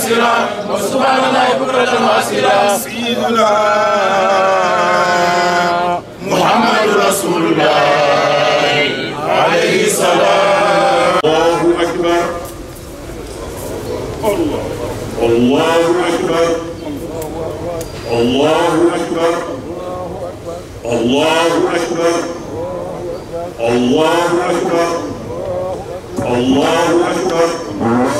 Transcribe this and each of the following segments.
ويسيرا وسبحان الله بكرة وأسيرا سيدنا محمد رسول الله عليه السلام الله أكبر الله الله أكبر الله أكبر الله أكبر الله أكبر الله أكبر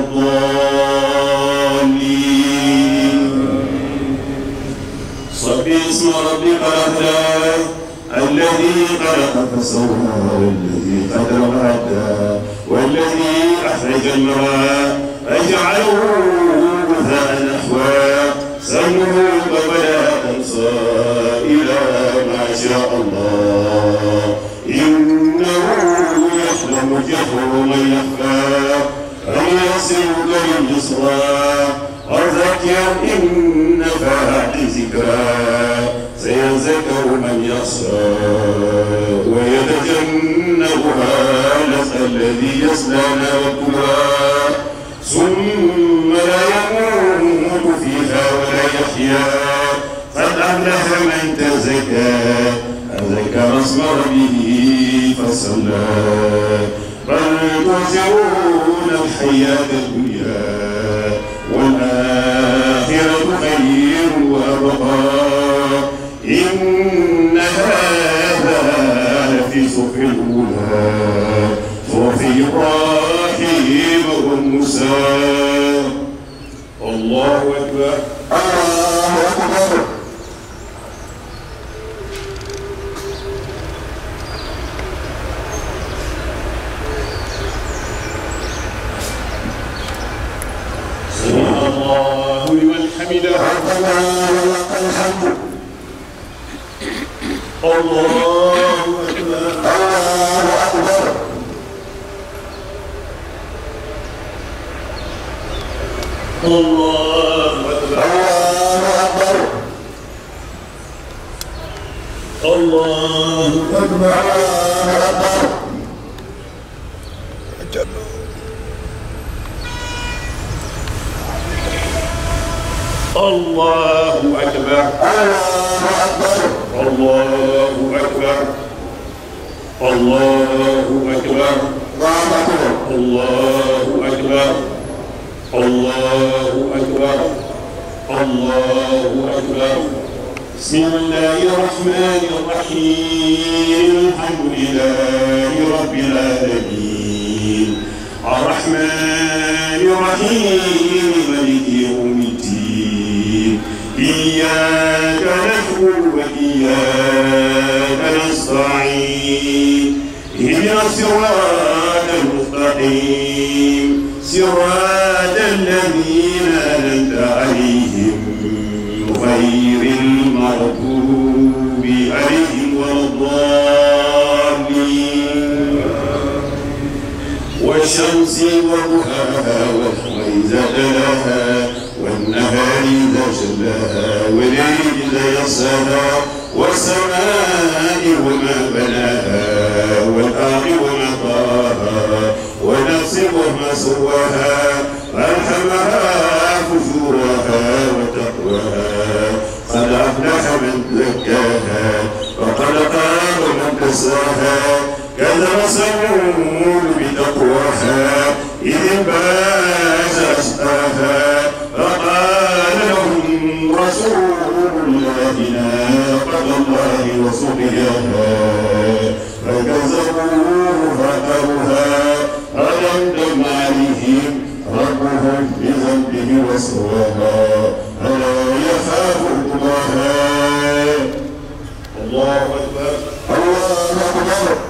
الضالين صب اسم ربك الأعلى الذي خلق فسوى والذي قدر فهدى والذي أخرج المرعى فجعله غثاء نحوا سمه قبل أمسى إلى ما شاء الله إنه يحلم الجهر من يخفى ويسر لليسرى وذكر إن نفعت ذكرى سيذكر من يخشى ويتجنبها الذي يصلى نار الكبرى ثم لا يموت فيها ولا يحيا قد أفلح من تزكى أذكر اسم ربه فصلى ترجعون الحياة الدنيا والآخرة خير وأبقى إن هذا لفي صحف الأولى وفي إبراهيم وموسى الله أكبر حميد الله أكبر الله أكبر الله أكبر الله أكبر الله أكبر الله أكبر الله أكبر الله أكبر الله أكبر الله أكبر بسم الله الرحمن الرحيم الحمد لله رب العالمين الرحمن الرحيم مالك يوم الدين إياك نعبد وإياك نستعين اهدنا الصراط المستقيم صراط الذين أنعمت عليهم غير المغضوب عليهم ولا الضالين والشمس وضحاها والقمر إذا والنهار إذا أصلاها والعيد يصلاها والسماء وما بناها والأرض وما طاها ونفس وما سواها ألهمها فجورها وتقواها قد أفلح من زكاها وقد قام من دساها كذب سمون بتقواها إذ انباز أسقاها فقال رسول الله ناقة الله وصبيها فكذبوها أرها ألم دمارهم ربهم بذنبه وسواها ألا يخاف الله الله أكبر الله أكبر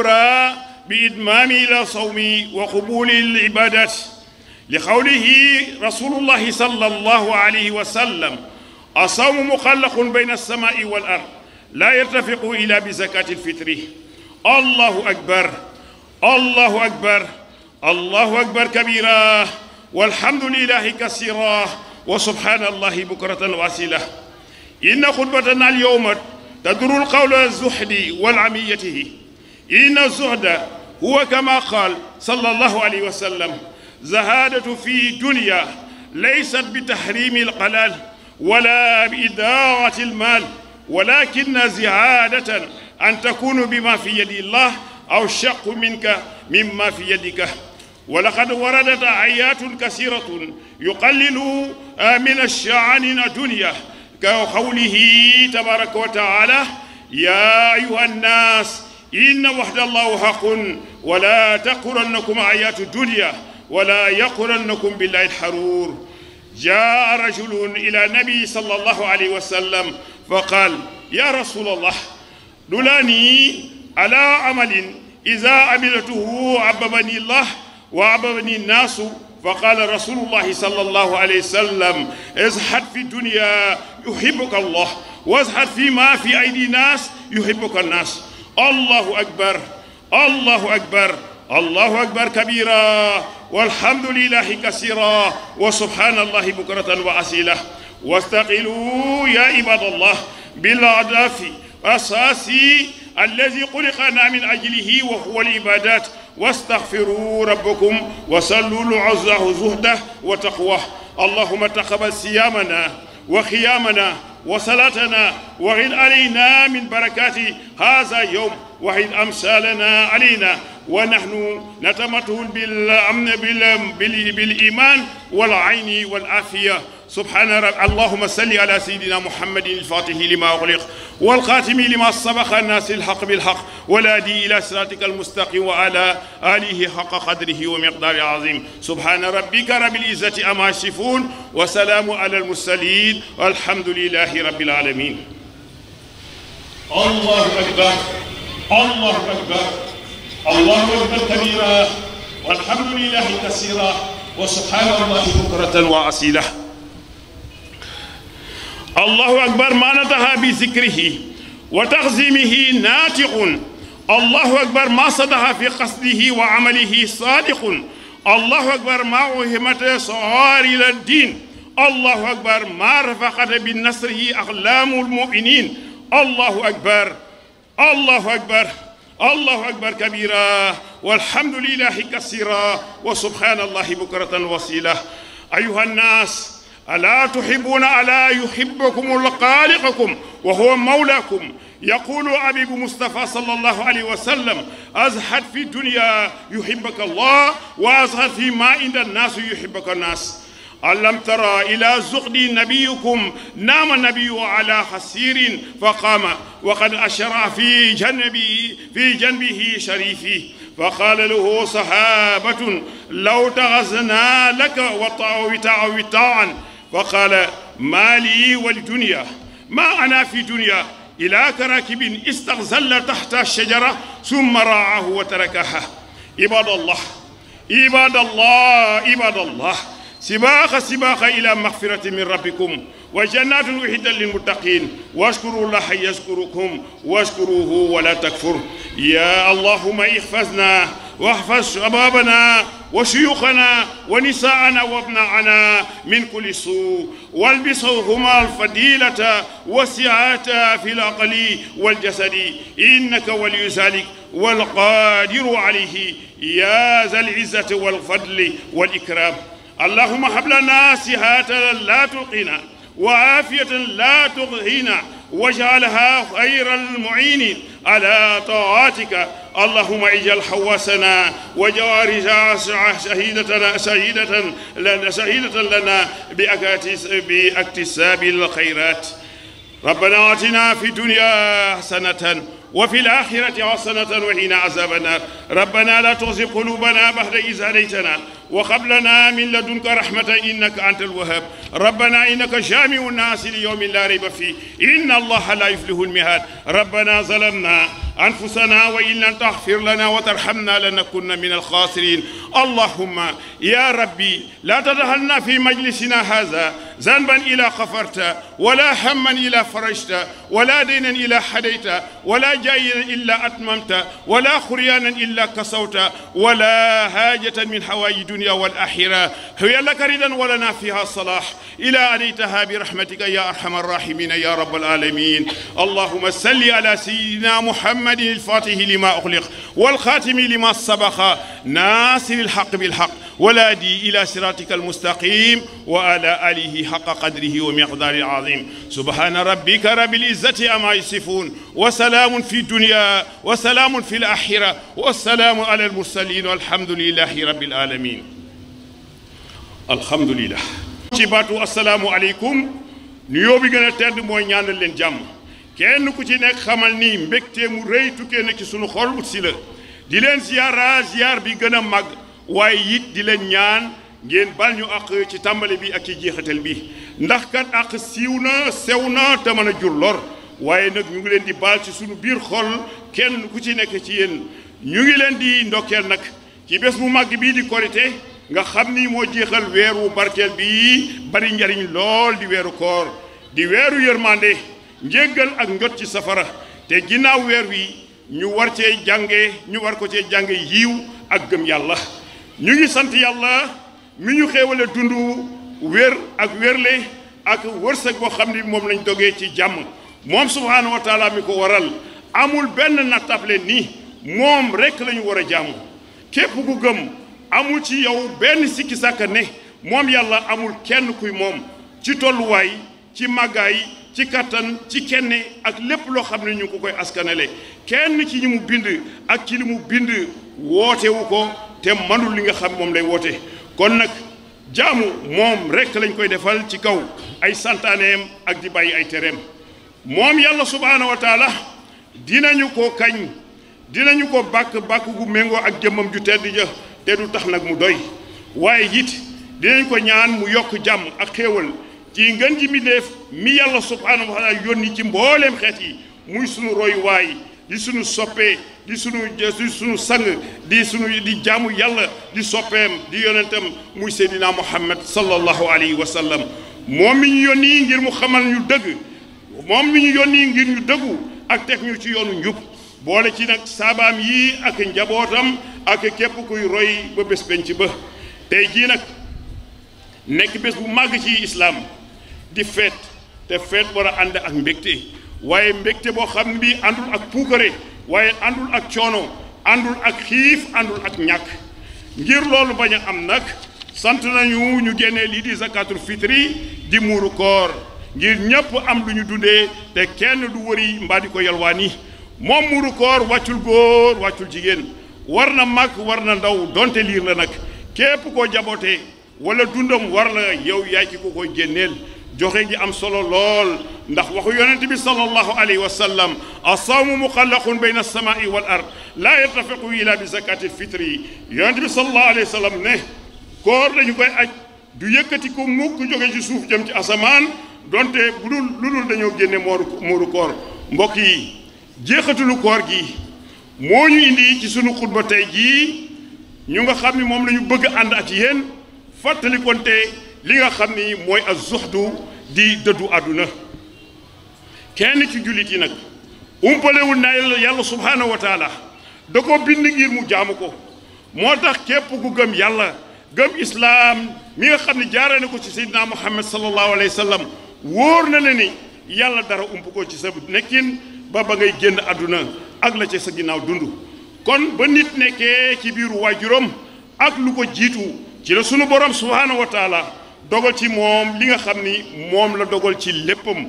الكبرى بإتمام إلى صوم وقبول العبادات لقوله رسول الله صلى الله عليه وسلم الصوم مخلق بين السماء والأرض لا يرتفق إلا بزكاة الفطر الله أكبر الله أكبر الله أكبر كبيرا والحمد لله كثيرا وسبحان الله بكرة واسلة إن خطبتنا اليوم تدور القول الزحد والعميته إن الزهد هو كما قال صلى الله عليه وسلم زهادة في دنيا ليست بتحريم القلال ولا بإدارة المال ولكن زهادة أن تكون بما في يد الله أو شق منك مما في يدك ولقد وردت آيات كثيرة يقلل من الشعن دنيا كقوله تبارك وتعالى يا أيها الناس إن وحد الله حق ولا تقرنكم آيات الدنيا ولا يقرنكم بالله الحرور جاء رجل إلى النبي صلى الله عليه وسلم فقال يا رسول الله دلاني على عمل إذا عملته عببني الله وعببني الناس فقال رسول الله صلى الله عليه وسلم ازهد في الدنيا يحبك الله وازهد فيما في أيدي الناس يحبك الناس allahu akbar allahu akbar allahu akbar kabira walhamdulilahi kasira wa subhanallahi bukratan wa asila واستقلوا يا عباد الله بالعداف أساسي الذي خلقنا من أجله وهو العبادات واستغفروا ربكم وصلوا لعزه زهده وتقواه اللهم تقبل صيامنا وخيامنا وصلاتنا وغن علينا من بركات هذا يوم وحد أمثالنا علينا ونحن نتمتهم بالأمن بالإيمان والعين والعافية subhaana rabbi allahuma salli ala sayidina muhammadin alfaatihi lima ughliq walxaatimi lima sabaqa naasi alxaq bilxaq walaadi ila siraatika almustaqim wa ala alihi xaqa qadrihi wa miqdaari azim subhaana rabbika rabbil izzati amma yasifuun wa salaamu ala almursaliin walhamdulilahi rabbil aalamiin allahu akbar allahu akbar allahu akbar kabiira walhamdulilahi kasiira wa subhaana allahi bukratan wa asiila allahu akbar maana tahaa bi zikrihi wa taxzimihi naatiqun allahu akbar maa sadaxa fi qasdihi wa amalihi saadiqun allahu akbar maa uhimata sawaarila diin allahu akbar maa rafaxata bi nasrihi axlaamu lmuminin allahu akbar allahu akbar allahu akbar kabira walhamdulilahi kasira wa subhaanallahi bukratan wasila ayuha nnaas ألا تحبون ألا يحبكم خالقكم وهو مولاكم يقول أبيب مصطفى صلى الله عليه وسلم أزهد في الدنيا يحبك الله وأزهد في ما عند الناس يحبك الناس ألم ترى إلى زقد نبيكم نام النبي على حسير فقام وقد أشرع في جنبه في جنبه شريفه فقال له صحابة لو تغزنا لك وطاعوا طاعا wa qaala maali waldunia ma ana fi dunia ila karakibin istaxzalla taxta shajara summa raahu wa tarakaha ibadallah ibadallah ibadallah sibaaxa sibaaxa ila maxfirati min rabbikum wa jannatin uxiddat lilmuttaqin washkuru llaha yashkurukum washkuruhu wala takfur ya allahuma ihfazna واحفظ شبابنا وشيوخنا ونساءنا وابناءنا من كل سوء والبسوهما الفضيلة وسعتها في العقل والجسد إنك ولي ذلك والقادر عليه يا ذا العزة والفضل والإكرام اللهم هب لنا صحة لا تلقنا وعافية لا تغهنا واجعلها خير المعين على طاعتك اللهم اجعل حواسنا وجوارح شهيدتنا شهيدة لنا شهيدة لنا باكتساب الخيرات ربنا آتنا في الدنيا حسنة وفي الآخرة حسنة وقنا عذاب النار ربنا لا تغزق قلوبنا بعد إذ هديتنا وهب لنا من لدنك رحمة إنك أنت الوهاب ربنا إنك جامع الناس ليوم لا ريب فيه إن الله لا يفلح المهاد ربنا ظلمنا أنفسنا وإن لم تغفر لنا وترحمنا لنكن من الخاسرين اللهم يا ربي لا تدخلنا في مجلسنا هذا ذنبا إلى غفرت ولا هما إلى فرجت ولا دينا إلى حديت ولا جايا إلا أتممت ولا خريانا إلا كسوت ولا هاجة من حوائج الدنيا والآخرة هي لك رضا ولنا فيها صلاح إلى أليتها برحمتك يا أرحم الراحمين يا رب العالمين اللهم صل على سيدنا محمد الفاتح لما أغلق والخاتم لما سبق ناصر الحق بالحق والهادي إلى صراطك المستقيم وعلى آله حق قدره ومقدار العظيم سبحان ربك رب العزة أما يصفون وسلام في الدنيا وسلام في الآخرة والسلام على المرسلين والحمد لله رب العالمين alhamdulilah. ci baatu aleykum nuyoo bi gën a tedd mooy ñaanal leen jàmm kenn ku ci nekk xamal ni mbégte mu rëy tukkee na ci suñu xol ut si la di leen ziyaara ziyaar bi gën a mag waaye it di leen ñaan ngeen bal ñu àq ci tàmbali bi ak ci jeexatal bi ndax kat àq siiw na sew na te mën a jur lor waaye nag ñu ngi leen di baal ci suñu biir xol kenn ku ci nekk ci yéen ñu ngi leen di ndokkeel nag ci bés bu mag bii di korite nga xam ni moo weer wu barkeel bi bari njariñ lool di weeru koor di weeru yërmande njéggal ak njot ci safara te ginnaaw weer wi ñu war cee jànge ñu war ko cee jànge yiiw ak gëm yàlla ñu ngi sant yàlla mi ñu xéewale dund wér ak wérle ak wërsëg boo xam ni moom lañ dogee ci jàmm moom subhaanahu wa mi ko waral amul benn nattable ni moom rekk lañu war a jàmm képp ku gëm amul ci yow benn sikki sàkka ne moom yàlla amul kenn kuy moom ci tolluwaay ci màggaay ci kattan ci kenn ak lépp loo xam ne ñu ko koy askanale kenn ci ñu mu bind ak ci li mu bind wootewu ko te manul li nga xam moom lay woote kon nag jaamu moom rekk lañ koy defal ci kaw ay santaaneem ak di bàyyi ay tereem moom yàlla subhaanahu wa taala dinañu ko kañ dinañu ko bàkk bàkk gu méngoo ak jëmmam ju tedd ja te du tax nag mu doy waaye it dinañ ko ñaan mu yokk jàmm ak xéewal ci ngën ji mi def mi yàlla subhaanahu wa taala yónni ci mbooleem xeet yi muy sunu roy di sunu soppee di sunu di sunu sang di sunu di jaamu yàlla di soppeem di yonentam muy seydina muhammad sallallahu alayhi wa sallam moom mi ñu yónni ngir mu xamal ñu dëgg moom mi ñu yónni ngir ñu dëggu ak teg ñu ci yoonu njub boole ci nag saabaam yi ak njabootam ak képp kuy roy ba bés penc ba tey jii nag nekk bés bu màgg ci islaam di feet te feet war ànd ak mbegte waaye mbegte boo xam ne bi àndul ak puukare waaye àndul ak coono àndul ak xiif àndul ak ñàkk ngir loolu bañ a am nag sant nañu ñu génnee lii di zakatul fitri di muuru koor ngir ñépp am lu ñu dundee te kenn du wëri mbaa di ko yalwaani moom muru koor wàccul góor wàccul jigéen war na mag war na ndaw donte liir la nag képp koo jabootee wala dundam war la yow yaay ki ko koy génneel joxe gi am solo lool ndax waxu yonent bi sallallahu alayhi wa sallam asawmu muqallaqun bayna alsamai wal ard laa yartafiqu ila bi zakati fitri yonent bi sallallahu alayhi wa sallam ne koor dañu koy aj du yëkkati ko mukk jóge ci suuf jëm ci asamaan donte lu dul dañoo génne mooru mooru koor yi jeexatulu koor gi moo ñu indi ci sunu xutba tey jii ñu nga xam ni moom lañu bëgg ànd ak yéen fàttalikonte li nga xam ni mooy ak zuxdu di dëddu àdduna kenn ci jullit yi nag umpalewul na yàlla subhaanahu wa taala da ko bind ngir mu jaamu ko moo tax képp ku gëm yàlla gëm islaam mi nga xam ne jaaree na ko ci seydina muhammad sallallahu alayhi wa sallam wóor na la yàlla dara ump ko ci sa nekkin ba ba ngay génn àdduna ak la ca sa ginnaaw dund kon ba nit nekkee ci biiru waajuram ak lu ko jiitu ci la sunu borom subhaanahu wa taala dogal ci moom li nga xam ni moom la dogal ci léppam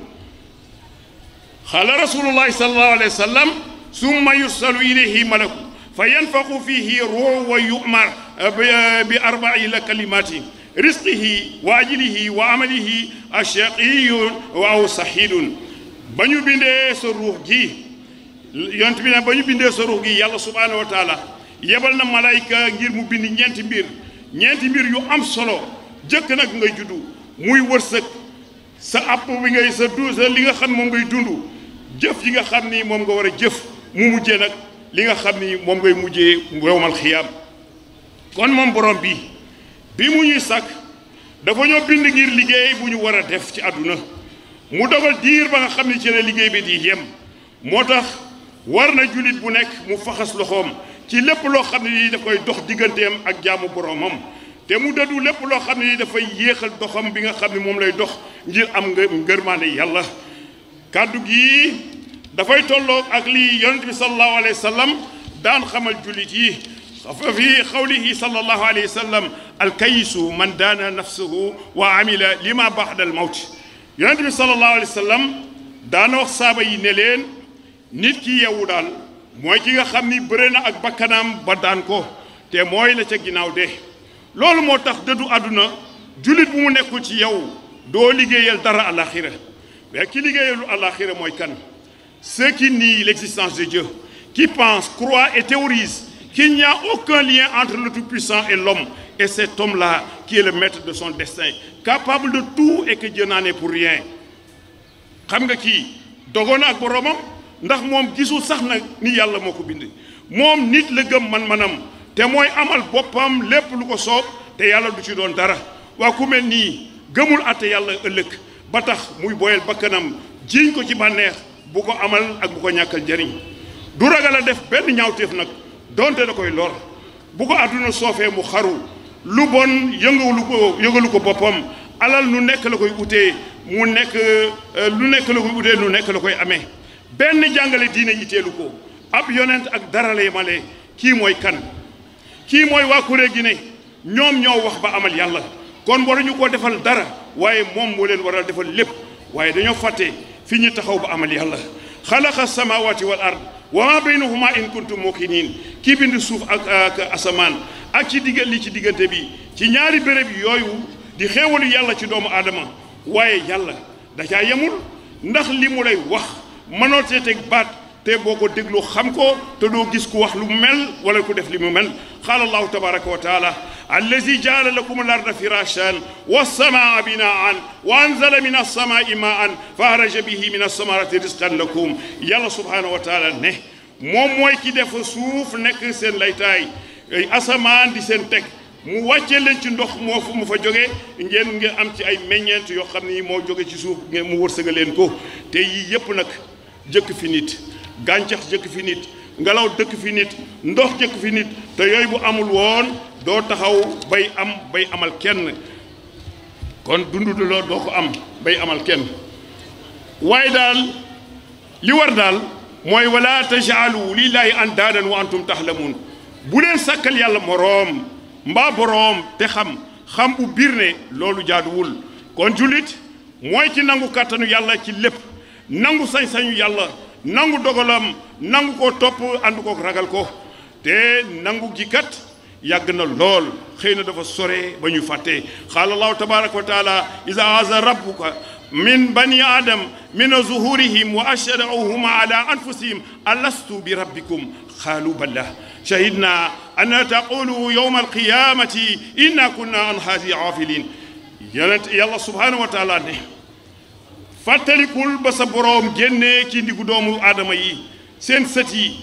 xaala rasulullahi sallallahu alayhi wa sallam summa yursalu ilayhi malaku fa yanfaqu fihi ruuhu wa yumar bi arbai la kalimati risqihi wa ajlihi wa amalihi ashaqiyun wa aw sahilun ba ñu bindee sa ruux gi yont bi ne ba ñu bindee sa ruux gi yàlla subhaanahu wa taala yebal na malayka ngir mu bind ñeenti mbir ñeenti mbir yu am solo jëkk nag ngay juddu muy wërsëg sa àpp bi ngay sa du sa li nga xam moom ngay dund jëf yi nga xam ni moom nga war a jëf mu mujjee nag li nga xam ni moom ngay mujjee yowmal xiyaam kon moom borom bi bi mu ñuy sàkk dafa ñoo bind ngir liggéeyee bu ñu war a def ci àdduna mu dogal diir ba nga xam ne ci la liggéey bi di yem moo tax war na jullit bu nekk mu faxas loxoom ci lépp loo xam ne nii da koy dox digganteem ak jaamu boroomam te mu dadu lépp loo xam ne nii dafay yéexal doxam bi nga xam ne moom lay dox ngir am ngërmaande yàlla kàddu gi dafay tolloog ak lii yonent bi sallallahu alayhi wa daan xamal jullit yi fi xawlihi sallallahu alayhi wa sallam alkayisu man daana nafsuhu wa amila lima baxda al mawt yonent bi sallallahu alayhi wa sallam daana wax saaba yi ne leen nit ki yewu daal mooy ki nga xam ni bëre na ak bakkanam ba daan ko te mooy la ca ginnaaw de loolu moo tax dëddu àdduna jullit bu mu nekkul ci yow doo liggéeyal dara àlaxira mais ki liggéeyalu àlaxira mooy kan ceux qui nient l'existence de Dieu qui pensent croient et théorisent qu'il n'y a aucun lien entre le Tout-Puissant et l'homme, et tom la là qui est de son destin, capable de tout et que Dieu n'en pour rien. xam nga kii dogoon na ak boroomam ndax moom gisul sax nag ni yàlla moo ko bind moom nit la gëm man-manam te mooy amal boppam lépp lu ko soob te yàlla du ci doon dara waa ku mel nii gëmul àtte yàlla ëllëg ba tax muy boyal bakkanam jiiñ ko ci bànneex bu ko amal ak bu ko ñàkkal njëriñ du ragal a def benn ñaawteef nag donte da koy lor bu ko àdduna soofee mu xaru lu bon yëngalu ko yëgalu ko boppam alal nu nekk la koy utee mu nekk euh, lu nekk la koy utee nu nekk la koy amee benn jàngale diine yitteelu ko ab yonent ak dara lay male kii mooy kan kii mooy waa kuré gi ne ñoom ñoo wax ba amal yàlla kon war waruñu ko defal dara waaye moom moo leen war a defal lépp waaye dañoo fàtte fi ñu taxaw ba amal yàlla sama samawati wal ard wa ma baynahuma in kuntum muqinin kii bind suuf ak ak asamaan ak ci diggal li ci diggante bi ci ñaari béréb yooyu di xéewalu yàlla ci doomu aadama waaye yàlla da caa yemul ndax li mu lay wax mënoo tee teg baat te boo ko déglu xam ko te doo gis ku wax lu mel wala ku def li mu mel qaala allahu tabaraka wa taala allazi jaala lakum al arda firashan wassamaa binaan wa anzala min alsamaai maan fa araja bihi min alsamarati risqan lakum yàlla subhanahu wa taala ne moom mooy ki def suuf nekk seen laytaay asamaan di seen teg mu wàccee leen ci ndox moo fu mu fa jóge ngeen ngeen am ci ay meññeent yoo xam ne moo jóge ci suuf ngeen mu wërsëga leen ko te yii yépp nag jëkk fi nit gàncax jëkk fi nit ngelaw dëkk fi nit ndox jëkk fi nit te yooyu bu amul woon doo taxaw bay am bay amal kenn kon dundu loo doo ko am bay amal kenn waaye daal li war daal mooy wala tajaalu lillaahi andaadan wa antum taxlamuun bu leen sàkkal yàlla moroom mbaa boroom te xam xam bu biir ne loolu jaaduwul kon jullit mooy ci nangu kàttanu yàlla ci lépp nangu sañ-sañu yàlla nangu dogalam nangu ko topp ànd ko ragal ko te nangu gi kat yàgg na lool xëy na dafa sore ba ñu fàtte xaala allahu tabaraka wa taala isa aasa rabbuka min bani adam min zuhurihim wa ashrauhum ala anfusihim alastu bi rabbikum xaalu balla shahidna an taqulu yowma alqiyamati inna kunna an haasi afilin yonent yàlla subhanahu wa taala ne fàttalikul ba sa boroom génnee ci ndigu doomu aadama yi seen sët yi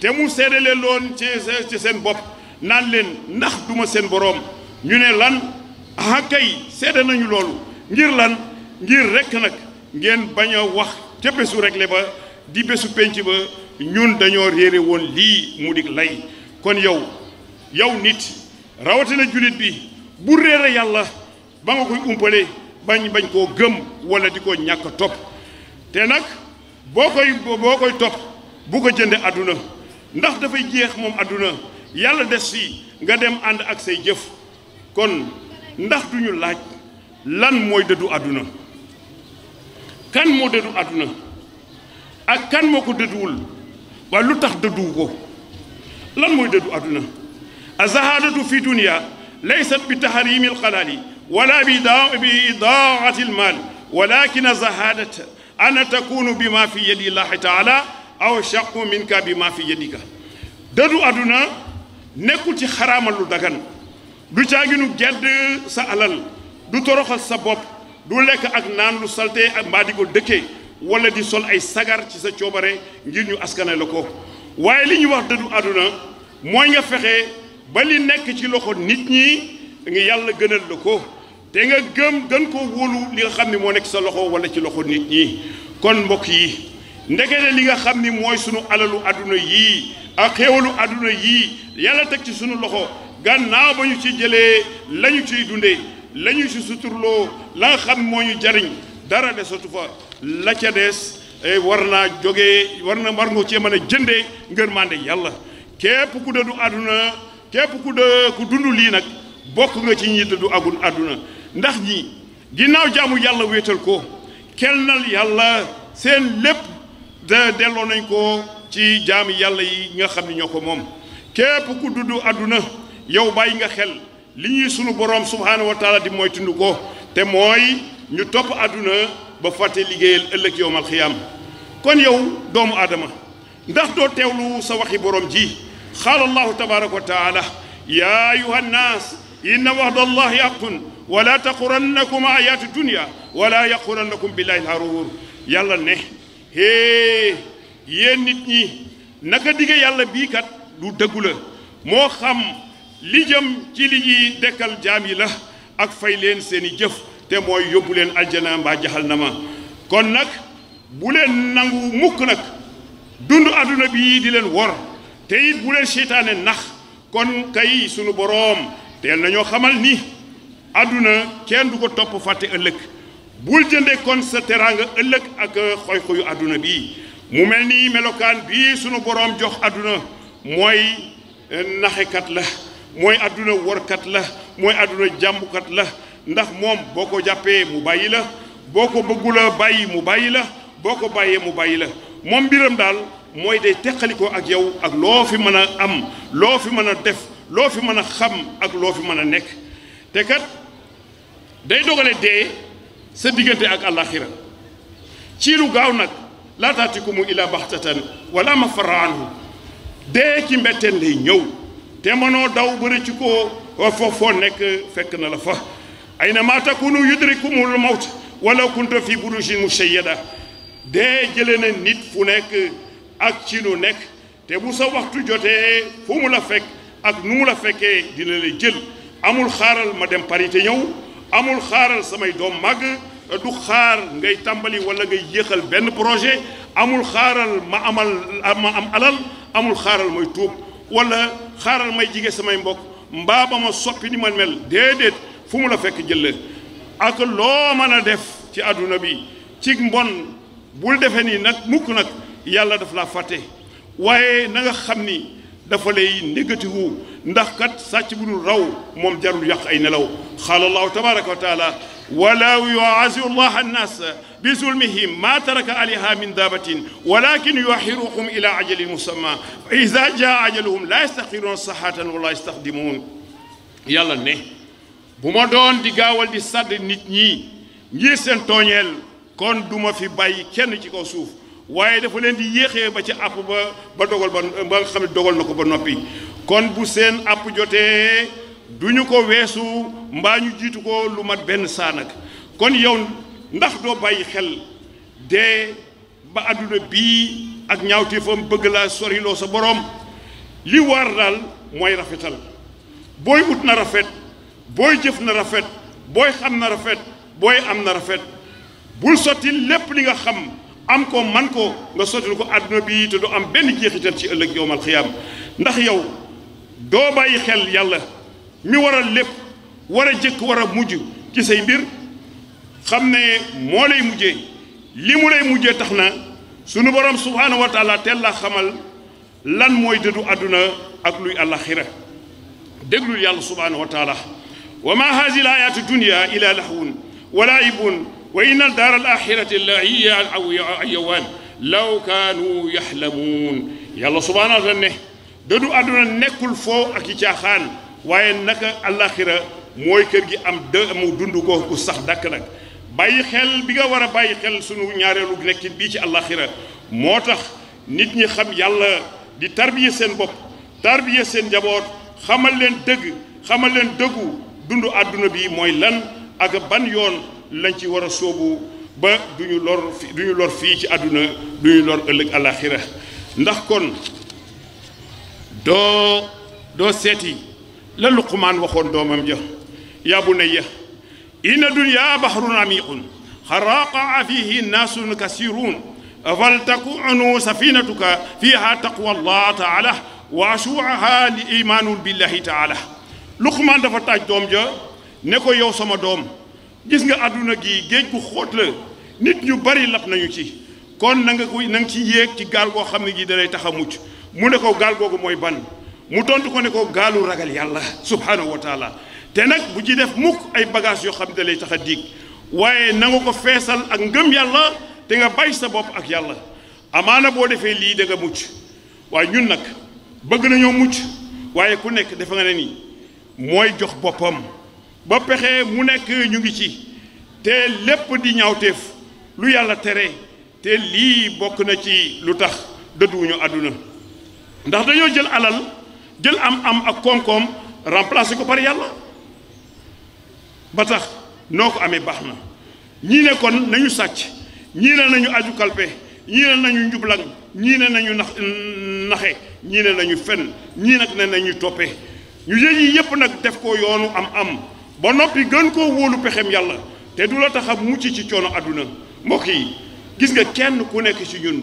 te mu seedale loon ci ci seen bopp naan leen ndax duma seen boroom ñu ne lan ah kay seede nañu loolu ngir lan ngir rekk nag ngeen bañ a wax ca bésu réglé ba di bésu pénc ba ñun dañoo réere woon lii mu dig lay kon yow yow nit rawatina jullit bi bu réere yàlla ba nga koy umpale bañ bañ koo gëm wala di ko ñàkk topp te nag boo koy boo koy topp bu ko jëndee àdduna ndax dafay jeex moom àdduna yàlla des si nga dem ànd ak say jëf kon ndax duñu laaj lan mooy dëddu àdduna kan moo dëddu àdduna ak kan moo ko dëdduwul waaye lu tax dëdduwu ko lan mooy dëddu àdduna azahadatu fi dunia laysat bi taharimil yi ولا بإضاعة المال ولكن زهادة أن تكون بما في يد الله تعالى aw shaqu minka bi maa fi yadika dëddu àdduna nekkul ci xaraamal lu dagan du caaginu gedd sa alal du toroxal sa bopp du lekk ak naan lu salte ak mbaa di ko dëkkee wala di sol ay sagar ci sa coobare ngir ñu askane la ko waaye li ñu wax dëddu àdduna mooy nga fexe ba li nekk ci loxo nit ñi nga yàlla gënal la ko te nga gëm gën koo wóolu li nga xam ni moo nekk sa loxo wala ci loxo nit ñi kon mbokk yi ndekete li nga xam ni mooy sunu alalu àdduna yii ak xéewalu àdduna yii yàlla teg ci suñu loxo gannaaw ba ñu ci jëlee lañu ciy dundee lañu ñu ci suturloo la nga xam moo ñu jariñ dara desatu fa la ca des eh, war naa jóge war na war nga cee mën a jëndee ngërmande yàlla képp ku dëddu àdduna képp ku dë dund lii nag bokk nga ci ñi dëddu agul àdduna ndax ñi ginnaaw jaamu yàlla wéetal ko kennal yàlla seen lépp da delloo nañ ko ci jaam yàlla yi nga xam ne ñoo ko moom képp ku dudd àdduna yow bàyyi nga xel li ñuy sunu borom subhaanahu wa di mooy tund ko te mooy ñu topp àdduna ba fàtte liggéeyal ëllëg yowmal xiyaam kon yow doomu aadama ndax doo teewlu sa waxi borom ji qaala allahu tabaraka wa taala ya wax nnaas inna waxda wala taxurannakum ayaatu dunia wala yaxurannakum billahi alharuur yàlla ne hee yéen nit ñi naka dige yàlla bii kat du dëggu la moo xam li jëm ci li ñuy dekkal jaam yi la ak fay leen seeni jëf te mooy yóbbu leen aljana mbaa jahannama kon nag bu leen nangu mukk nag dund àdduna bi di leen wor te it bu leen seytaane nax kon kay sunu boroom teel nañoo xamal ni adduna kenn du ko topp fàtte ëllëg bul jënde kon sa teraanga ëllëg ak xoy-xoyu àdduna bii mu mel nii melokaan bii sunu boroom jox àdduna mooy eh, naxekat la mooy àdduna workat la mooy àdduna jàmbukat la ndax moom boo ko jàppee mu bàyyi la boo ko bëggula bàyyi mu bàyyi la boo ko bàyyee mu bàyyi la moom mbiram daal mooy day teqalikoo ak yow ak loo fi mën a am loo fi mën a def loo fi mën a xam ak loo fi mën a nekk te day dogale dee sa diggante ak àllaaxira ci gaaw nag laa taatikumu ilaa baxtatan wala ma fara dee ci mbetteen lay ñëw te mënoo daw bëri ci koo foofu nekk fekk na la fa ayna ma takunu yudrikumul mawt wala kunta fi burujin mushayyada dee jële na nit fu nekk ak ci lu nekk te bu sa waxtu jotee fu mu la fekk ak nu mu la fekkee dina la jël amul xaaral ma dem Paris te ñëw amul xaaral samay doom màgg du xaar ngay tàmbali walla ngay yéexal benn projet amul xaaral ma amal ma am alal amul xaaral mooy tuub wala xaaral may jige samay mbokk mbaa ba ma soppi ni ma mel déedéet fu mu la fekk jëlle ak loo mën a def ci àdduna bi ci mbon bul defe nii nag mukk nag yàlla daf laa fàtte waaye na xam ni dafa lay négatiwu ndax kat sàcc bu raw moom jarul yàq ay nelaw qaala allahu tabaraka wa taala walaw yuaziru llah annaas bi zulmihim ma taraka alayha min daabatin walakin yuaxiruhum ila ajalin musamma fa ida jaa ajaluhum la yastaxiruuna saxaatan wala yastaxdimuun yàlla ne bu ma doon di gaawal di sàdd nit ñi ngir seen tooñeel kon duma fi bàyyi kenn ci kaw suuf waaye dafa leen di yéexee ba ci àpp ba ba dogal ba ba nga xam ne dogal na ko ba noppi kon bu seen àpp jotee du ñu ko weesu mbaa ñu jiitu ko lu mat benn saa nag kon yow ndax doo bàyyi xel dee ba àdduna bii ak ñaawteefam bëgg laa soriloo sa borom li waar daal mooy rafetal booy ut na rafet booy jëf na rafet booy xam na rafet booy am na rafet bul sotti lépp li nga xam am ko man ko nga sottil ko àdduna bi te du am benn jeexital ci ëllëg yowmal xiyaam ndax yow doo xel yàlla mi waral lépp war a jëkk war a mujj ci say mbir xam ne moo lay mujjee li lay mujjee tax na sunu borom subhaanahu wa taala teel xamal lan mooy dëddu àdduna ak luy àllaxira déglul yàlla subhaanahu wa taala wa ma haasi l ayaatu dunia ila lahwun wa wa inna daaral aaxirati la hiya ayawaan law kaanu yaxlamuun yàlla subhaana wa taala ne dëddu àdduna nekkul foo ak yi caaxaan waaye naka alaaxira mooy kër gi am dë mu dund ko sax dàkk nag bàyyi xel bi nga war a bàyyi xel sunu ñaareelu nekkin bii ci alaaxira moo tax nit ñi xam yàlla di tarbiye seen bopp tarbiye seen njaboot xamal leen dëgg xamal leen dëggu dund àdduna bi mooy lan ak ban yoon lañ ci war a ba du lor du ñu lor ci àdduna du ñu lor ëllëg ndax kon doo doo seeti la Luqmaan waxoon doomam ja yaa bunayya inna dunyaa bahrun amiiqun xaraqaa fiihi naasun kasiirun faltakun safinatuka fiiha taqwa allah taala wa li imaanun billahi taala Luqmaan dafa taaj doom ja ne ko yow sama doom gis nga àdduna gi géej gu xóot la nit ñu bari lap nañu ci kon nanga ko na ci yéeg ci gaal goo xam ne gi dalay tax a mucc mu ne ko gaal googu mooy ban mu tontu ko ne ko gaalu ragal yàlla subhanahu wa taala te nag bu ci def mukk ay bagage yoo xam ne dalay tax a diig waaye nanga ko feesal ak ngëm yàlla te nga bàyyi sa bopp ak yàlla amaana boo defee lii da mujj mucc waaye ñun nag bëgg nañoo mucc waaye ku nekk defe nga ne ni mooy jox boppam ba pexe mu nekk ñu ngi ci te lépp di ñaawteef lu yàlla tere te lii bokk na ci lu tax dëdduwuñu àdduna ndax dañoo jël alal jël am-am ak koom-koom remplacer ko par yàlla ba tax noo ko amee baax na ñii ne kon nañu sàcc ñii ne nañu aju kalpe ñii ne nañu njublang ñii ne nañu nax naxe ñii ne nañu fen ñii nag ne nañu toppe ñu jël yi yépp nag def ko yoonu am-am ba noppi gën koo wóolu pexem yàlla te du la taxa a mucc ci coono àdduna mbokk yi gis nga kenn ku nekk ci ñun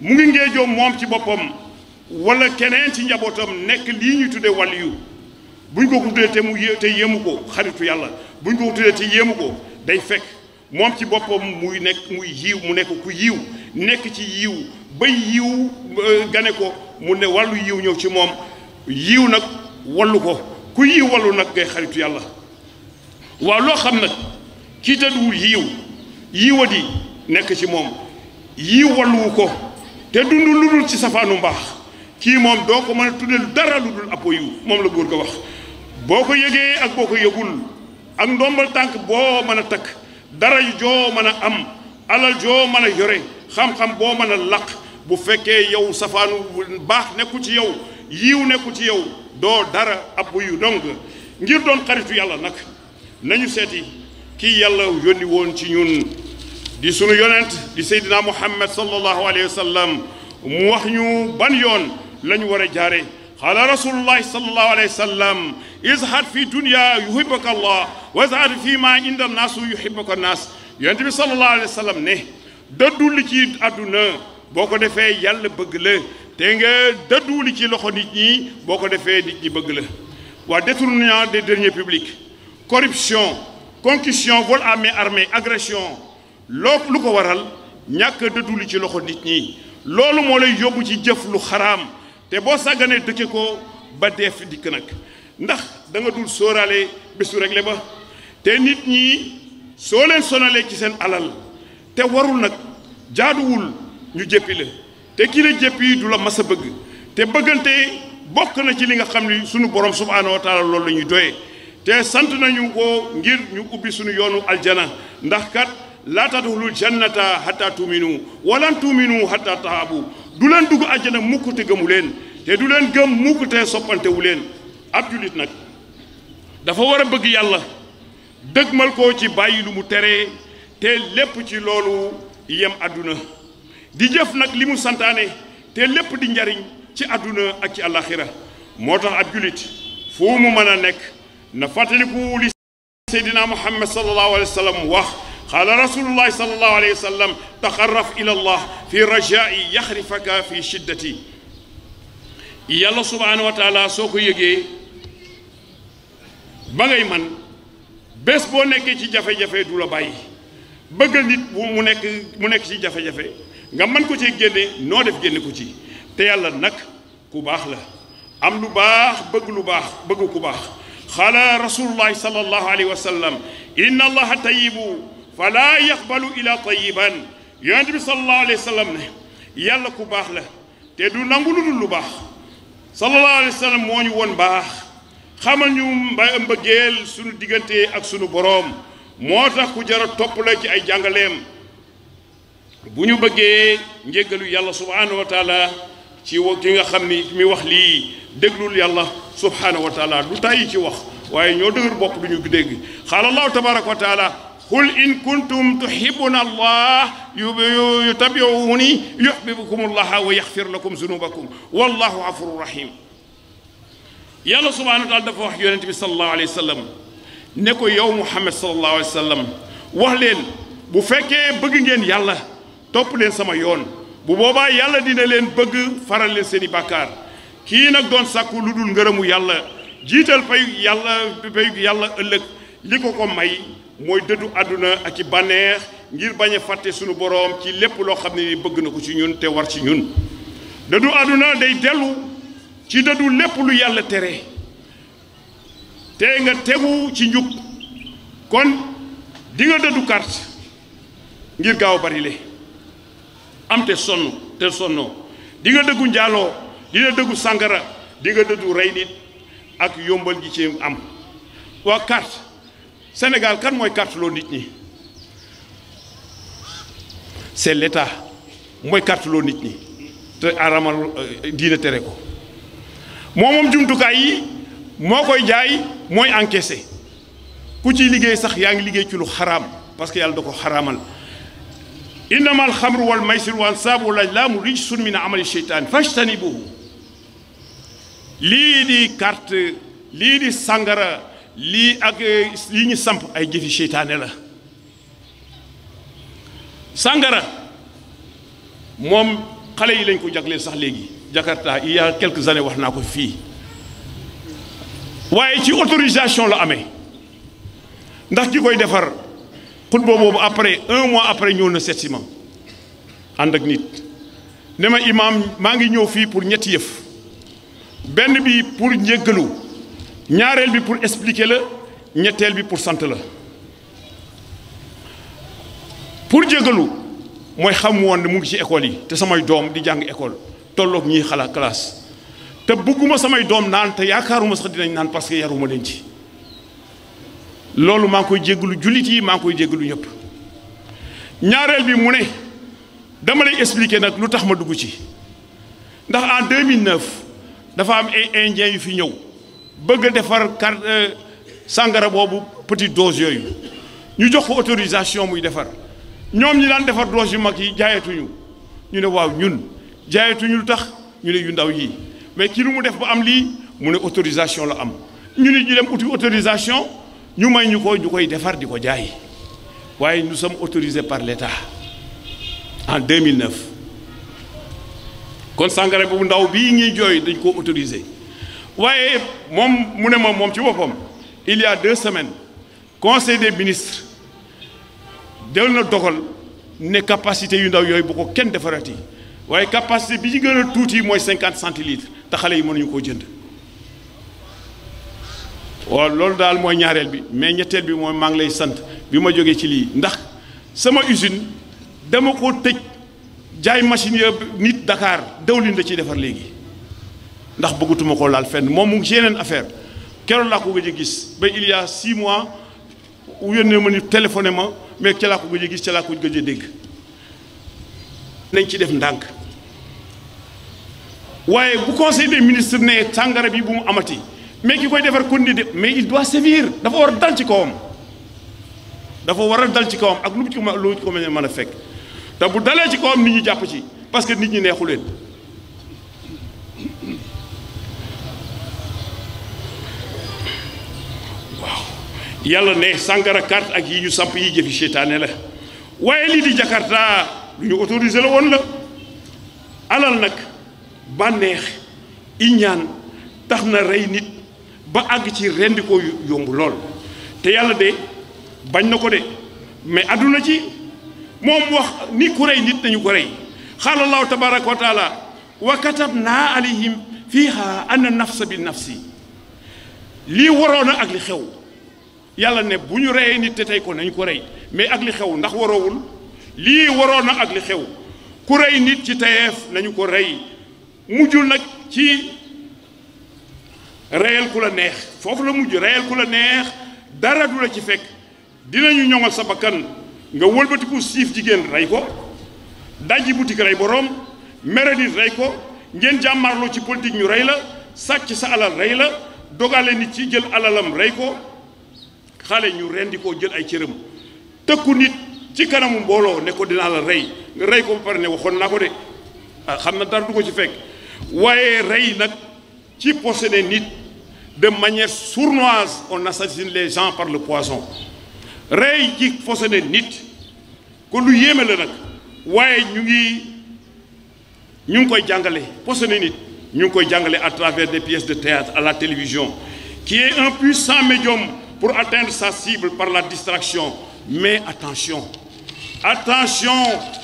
mu ngi ngeejoo moom ci boppam wala keneen ci njabootam nekk lii ñu tuddee waliyu buñ ko ko tuddee te mu te yéemu ko xaritu yàlla buñ ko ko tuddee te yéemu ko day fekk moom ci boppam muy nekk muy yiw mu nekk ku yiw nekk ci yiw bay yiw euh, gane ko mu ne wàllu yiw ñëw ci moom yiw nag wallu ko ku yiw wallu nag ngay xaritu yàlla waaw loo xam nag ci tëdduwul yiiw yiiwa di nekk ci moom yiiw walluwu ko te dund lu dul ci safaanu mbaax kii moom doo ko mën a tuddee dara lu dul apo yiw moom la góor ga wax boo ko yëgee ak boo ko yëgul ak ndombal tànk boo mën a takk dara joo mën a am alal joo mën a yore xam-xam boo mën a làq bu fekkee yow safaanu baax nekku ci yow yiiw nekku ci yow doo dara apo yiw dong ngir doon xaritu yàlla nag nañu seeti kii yàlla yónni woon ci ñun di sunu yonent di seydina muhammad sallallahu alayhi wa sallam mu wax ñu ban yoon lañu war a jaare qaala rasulullahi sallallahu alayhi wa sallam izhad fi dunya yuhibuka allah wa izhad fi ma inda naasu yuhibuka naas yonent bi sallallahu alayhi wa sallam ne dëddu li ci àdduna boo ko defee yàlla bëgg la te nga dëddu ci loxo nit ñi boo ko defee nit ñi bëgg la waa détournement des deniers publics corruption concussion vol à main armée agression loo lu ko waral ñàkk a dëddu li ci loxo nit ñi loolu moo lay yóbbu ci jëf lu xaraam te boo sàgganee dëkke ko ba def dikk nag ndax da nga dul sóoraale bésu réglé ba te nit ñi soo leen sonalee ci seen alal te warul nag jaaduwul ñu jéppi la te ki la jéppi du la mas a bëgg te bëggante bokk na ci li nga xam ni sunu borom subhaanahu wa taala loolu la ñuy doyee te sant nañu ko ngir ñu ubbi suñu yoonu aljana ndax kat laa tadxulul jannata hatta tuminu walan tuminu hatta tahabu du leen dugg aljana mukk te gëmu leen te du leen gëm mukk te soppantewu leen ab julit nag dafa war a bëgg yàlla dëgmal ko ci bàyyi lu mu teree te lépp ci loolu yem àdduna di jëf nag li mu santaane te lépp di njariñ ci àdduna ak ci àllaaxira moo tax ab julit fu mu mën a nekk na fàttaliku li seydina muhammad sallallahu alayhi wa sallam wax qaala rasulullahi sallallahu alayhi wa sallam taqarraf ila allah fi rajai yaxrifaka fi shiddati yàlla subhaanahu wa taala soo ko yëgee ba ngay man bés boo nekkee ci jafe-jafe du la bàyyi bëggal nit mu nekk mu nekk ci jafe-jafe nga mën ko ci génne noo def génne ko ci te yàlla nag ku baax la am lu baax bëgg lu baax bëgg ku baax xala rasulullahi sallallahu alayhi wa sallam inna allaha tayibu fala yaqbalu ila tayiban yonent bi sallallahu alayhi wa sallam ne yàlla ku baax la te du nangu lu dul lu baax sallallahu alayhi wa moo ñu woon baax xamal ñu mbëggeel suñu diggante ak suñu boroom moo tax ku jara topp la ci ay jàngaleem bu ñu bëggee njéggalu yàlla subhaanahu wa taala ci ki nga xam mi wax lii déglul yàlla subhaanahu wa taala du tàyyi ci wax waaye ñoo dëgër bopp du ñu dégg xaala allahu tabaraka wa taala qul in kuntum tuhibbuna allah yutabiuni yuhbibukum allah wa yaxfir lakum zunubakum wallahu gafuru rahim yàlla subhaanahu wa taala dafa wax yonente bi salallahu wa sallam ne ko yow muhammad salallahu alayhi wa wax leen bu fekkee bëgg ngeen yàlla topp leen sama yoon bu boobaa yàlla dina leen bëgg faral leen seeni i kii nag doon sàkku lu dul ngërëmu yàlla jiital pay yàlla pay yàlla ëllëg li ko ko may mooy dëddu àdduna ak ci bànneex ngir bañ fàtte sunu boroom ci lépp loo xam ne bëgg na ko ci ñun te war ci ñun dëddu àdduna day dellu ci dëddu lépp lu yàlla tere te nga tegu ci njug kon di nga dëddu carte ngir gaaw bari le am te sonn te sonnoo di dëggu njaaloo dina dëggu sàngara di nga dëddu rey nit ak yombal ji ci am waa carte Sénégal kan mooy carte loo nit ñi c'est l'État mooy carte loo nit ñi te aramal euh, diina tere ko moo moom jumtukaay yi moo koy jaay mooy encaissé ku ciy liggéey sax yaa ngi liggéey ci lu xaraam parce que yàlla da ko xaraamal innamal xamru wal maysir wal ansaabu wal azlaamu rijsun min amali sheytaan boobu lii di carte lii di sàngara lii ak eh, lii ñu samp ay jëfi seytaane la sangara moom xale yi lañ ko jagleel sax léegi Jakarta il y a quelques wax naa ko fii waaye ci autorisation la amee ndax ki koy defar xutba boobu après un mois après ñëw na seet si ma ànd ak nit ne ma maa ngi ñëw fii pour ñetti yëf benn bi pour njëggalu ñaareel bi pour expliquer la ñetteel bi pour sant la pour jéggalu mooy xam woon ne mu ngi ci école yi te samay doom di jàng école tolloog ñiy xalaat classe te bëgguma samay doom naan te yaakaaruma sax dinañ naan parce que yaruma leen ci loolu maa koy jéggalu jullit yi maa koy jéggalu ñëpp ñaareel bi mu ne dama lay expliquer nag lu tax ma dugg ci ndax en 2009. dafa am ay indien yu fi ñëw bëgg a defar carte euh, sàngara boobu petite dose yooyu ñu jox ko autorisation muy defar ñoom ñu daan defar dose yu mag yi jaayatuñu ñu ne waaw ñun jaayatuñu lu tax ñu ne yu ndaw yi mais ci lu mu def ba am lii mu ne autorisation la am ñu ne ñu dem uti autorisation ñu may ñu ko ñu koy defar di ko jaay waaye ñu sommes autorisés par l'État en 2009 kon sàngara bu ndaw bii ñuy jooy dañ ko autorisé waaye moom mu ne ma moom ci boppam il y a deux semaines conseil des ministres del na dogal ne capacité yu ndaw yooyu bu ko kenn defarati waaye capacité bi ci gën tuuti mooy cinquante centilitres te xale yi mënuñu koo jënd waaw loolu daal mooy ñaareel bi mais ñetteel bi mooy maa ngi lay sant bi ma jógee ci lii ndax sama usine dama ko tëj jaay machine yëpp nit Dakar dawlin da ciy defar léegi ndax bëggatuma ko laal fenn moom mu ngi ci yeneen affaire keroog laa ko gëj gis ba il y a 6 mois yónnee ma ni téléphoné ma mais ca laa ko gëj gis ca laa ko gëj a dégg nañ ci def ndànk waaye bu conseil des ministres ne sàngara bi bu mu amati mais ki koy defar kondi de mais il doit sévir dafa war a dal ci kawam dafa war a dal ci kawam ak lu mu ci ko lu ci ko mën a fekk te bu dalee ci kawam nit ñi jàpp ci parce que nit ñi neexu leen waaw yàlla ne Sankara carte ak yi ñu samp yi jëfi seytaane la waaye lii di Jakarta lu ñu autorisé la woon la alal nag bànneex iñaan tax na rey nit ba àgg ci rendi ko yomb lool te yàlla de bañ na ko de mais àdduna ci moom wax ni ku rey nit nañu ko rey xaala allahu tabaraka wa taala wa katabna alayhim fiha anna nafsa bi nafsi lii waroon ak li xew yàlla ne bu ñu reyee nit te tey ko nañ ko rey mais ak li xew ndax waroowul lii waroon ak li xew ku rey nit ci tayeef nañu ko rey mujjul nag ci reyal ku la neex foofu la mujj reyal ku la neex dara du la ci fekk dinañu ñoŋal sa bakkan nga wëlbatiku siif jigéen rey ko dajji boutique rey boroom meredit rey ko ngeen jàmmarloo ci politique ñu rey la sàcc sa alal rey la dogale nit ci jël alalam rey ko xale ñu rendi ko jël ay cëram tëkku nit ci kanamu mbooloo ne ko dinaa la rey nga rey ko ba pare ne waxoon naa ko de ah, xam na dara du ko ci fekk waaye rey nag ci posséder nit de manière sournoise on na assassine les gens par le poison rey ji fosone nit kon lu yéeme la nag waaye ñu ngi ñu ngi koy jàngale fosone nit ñu ngi koy jàngale à travers des pièces de théâtre à la télévision qui est un puissant médium pour atteindre sa cible par la distraction mais attention attention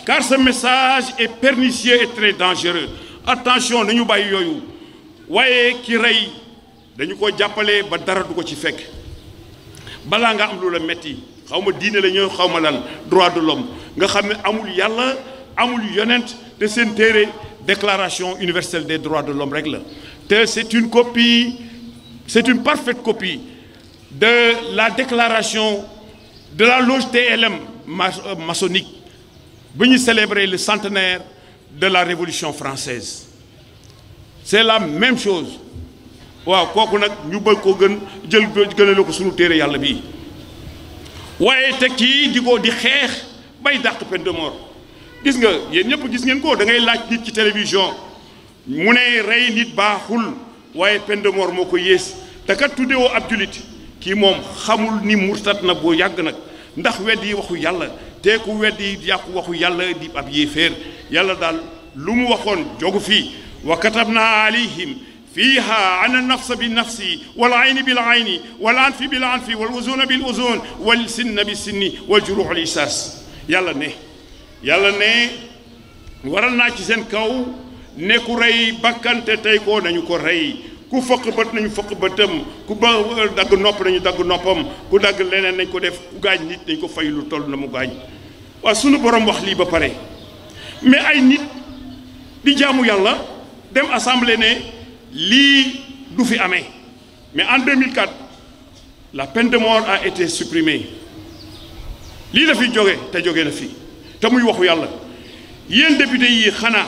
car ce message est pernicieux et très dangereux attention nañu bàyyi yooyu waaye ki rey dañu ko jàppale ba dara du ko ci fekk balaa nga am lu la metti xaw ma diine la ñoo xaw ma lan droit de l'homme nga xam ne amul yàlla amul yonent te seen téere déclaration universelle des droits de l'homme rek la te c'est une copie c'est une parfaite copie de la déclaration de la loge TLM masonique euh, bu ñu célébrer le centenaire de la révolution française c'est la même chose waaw kooku nag ñu bëgg ko gën jël gënale ko sunu téere yàlla bii waaye te kii di ko di xeex bay dàq peine gis nga yéen ñëpp gis ngeen ko da ngay laaj nit ci télévision mu ne rey nit baaxul waaye peine de moo ko yées te kat tuddewoo ab julit kii moom xamul ni murtat na boo yàgg nag ndax wedd yi waxu yàlla te ku wedd yi yàqu waxu yàlla di ab yéeféer yàlla daal lu mu waxoon jogu fii wa katabna alayhim bi wal فيها عن النفس بالنفس والعين بالعين والأنف بالأنف والأذن بالأذن والسن بالسن والجروح الإساس yàlla ne yàlla ne waral naa ci seen kaw ne ku rey bakkante tey ko nañu ko rey ku fëq bët nañu fëq bëtam ku ba dagg nopp nañu dagg noppam ku dagg leneen nañ ko def ku gaañ nit nañ ko fay lu toll na mu gaañ waaw sunu borom wax lii ba pare mais ay nit di jaamu yàlla dem assemblée ne lii du fi amee mais en 2004 la peine de mort a été supprimée lii la fi jóge te jóge na fi te muy waxu yàlla yéen député yi xanaa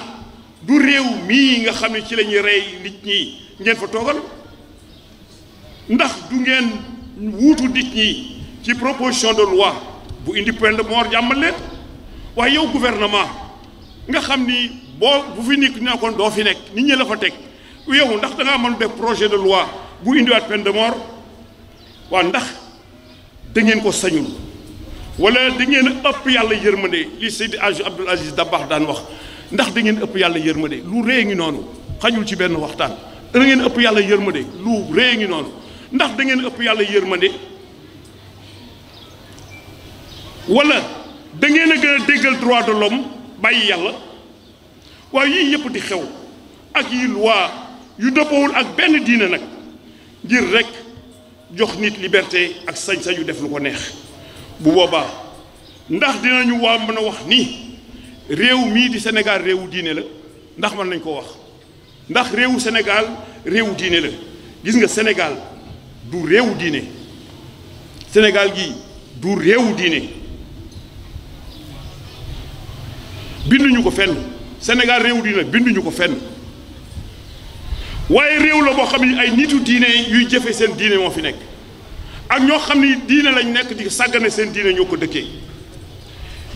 du réew mii nga xam ne ci la ñuy rey nit ñi ngeen fa toogal ndax du ngeen wuutu nit ñi ci proposition de loi bu indi peine de jàmmal leen waaye yow gouvernement nga xam ni boo bu fi nekk ñu ne kon doo fi nekk nit ñi la fa teg. yow ndax da ngaa mën def projet de loi bu indiwaat peine de mort waa ndax da ngeen ko sañul walla da ngeen ëpp yàlla yërmande li Seydi Aj Abdoul Aziz Dabakh daan wax ndax da ngeen ëpp yàlla yërmande lu rëy ngi noonu xajul ci benn waxtaan da ngeen ëpp yàlla yërmande lu rëy noonu ndax da ngeen ëpp yàlla yërmande wala da ngeen a gën a déggal droit de l'homme bàyyi yàlla waaye yii yëpp di xew ak yi loi yu dëppoowul ak benn diine nag ngir rek jox nit liberté ak sañ-sañu def lu ko neex bu boobaa ndax dinañu waa mën a wax nii réew mii di Sénégal réewu diine la ndax mën nañ ko wax ndax réewu Sénégal réewu diine la gis nga Sénégal du réewu diine Sénégal gi du réewu diine binduñu ko fenn Sénégal réewu diine binduñu ko fenn waaye réew la boo xam ne ay nitu diine yuy jëfe seen diine moo fi nekk ak ñoo xam ne diine lañ nekk di sàggane seen diine ñoo ko dëkkee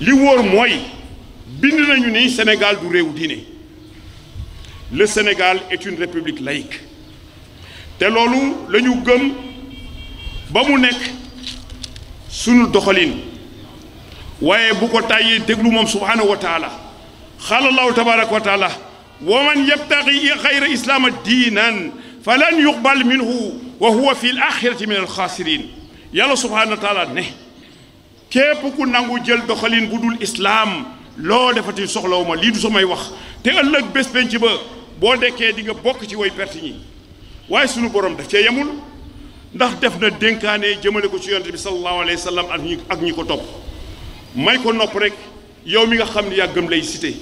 li wóor mooy bind nañu ni senegal du réew diine le senegal est une république laïque te loolu lañu ñu gëm ba mu nekk sunu doxalin waaye bu ko tàyyee déglu moom subhaanahu wa taala xaalallahu tabaraka wa wa man yabtaxi xayra islaama diinan falan yuqbal minhu wa huwa fi laaxirati min alxaasiriin yàlla subhaanahu wa taala ne képp ku nangu jël doxalin bu dul islaam loo defati soxlawu ma lii du samay wax te ëllëg bés penc ba boo dekkee di nga bokk ci woy perte ñi waaye sunu borom daf cee yemul ndax def na dénkaane jëmale ko ci yonent bi sallallahu alayhi wa sallam ak ñi ak ñi ko topp may ko nopp rek yow mi nga xam ne yàggam gëm lay cité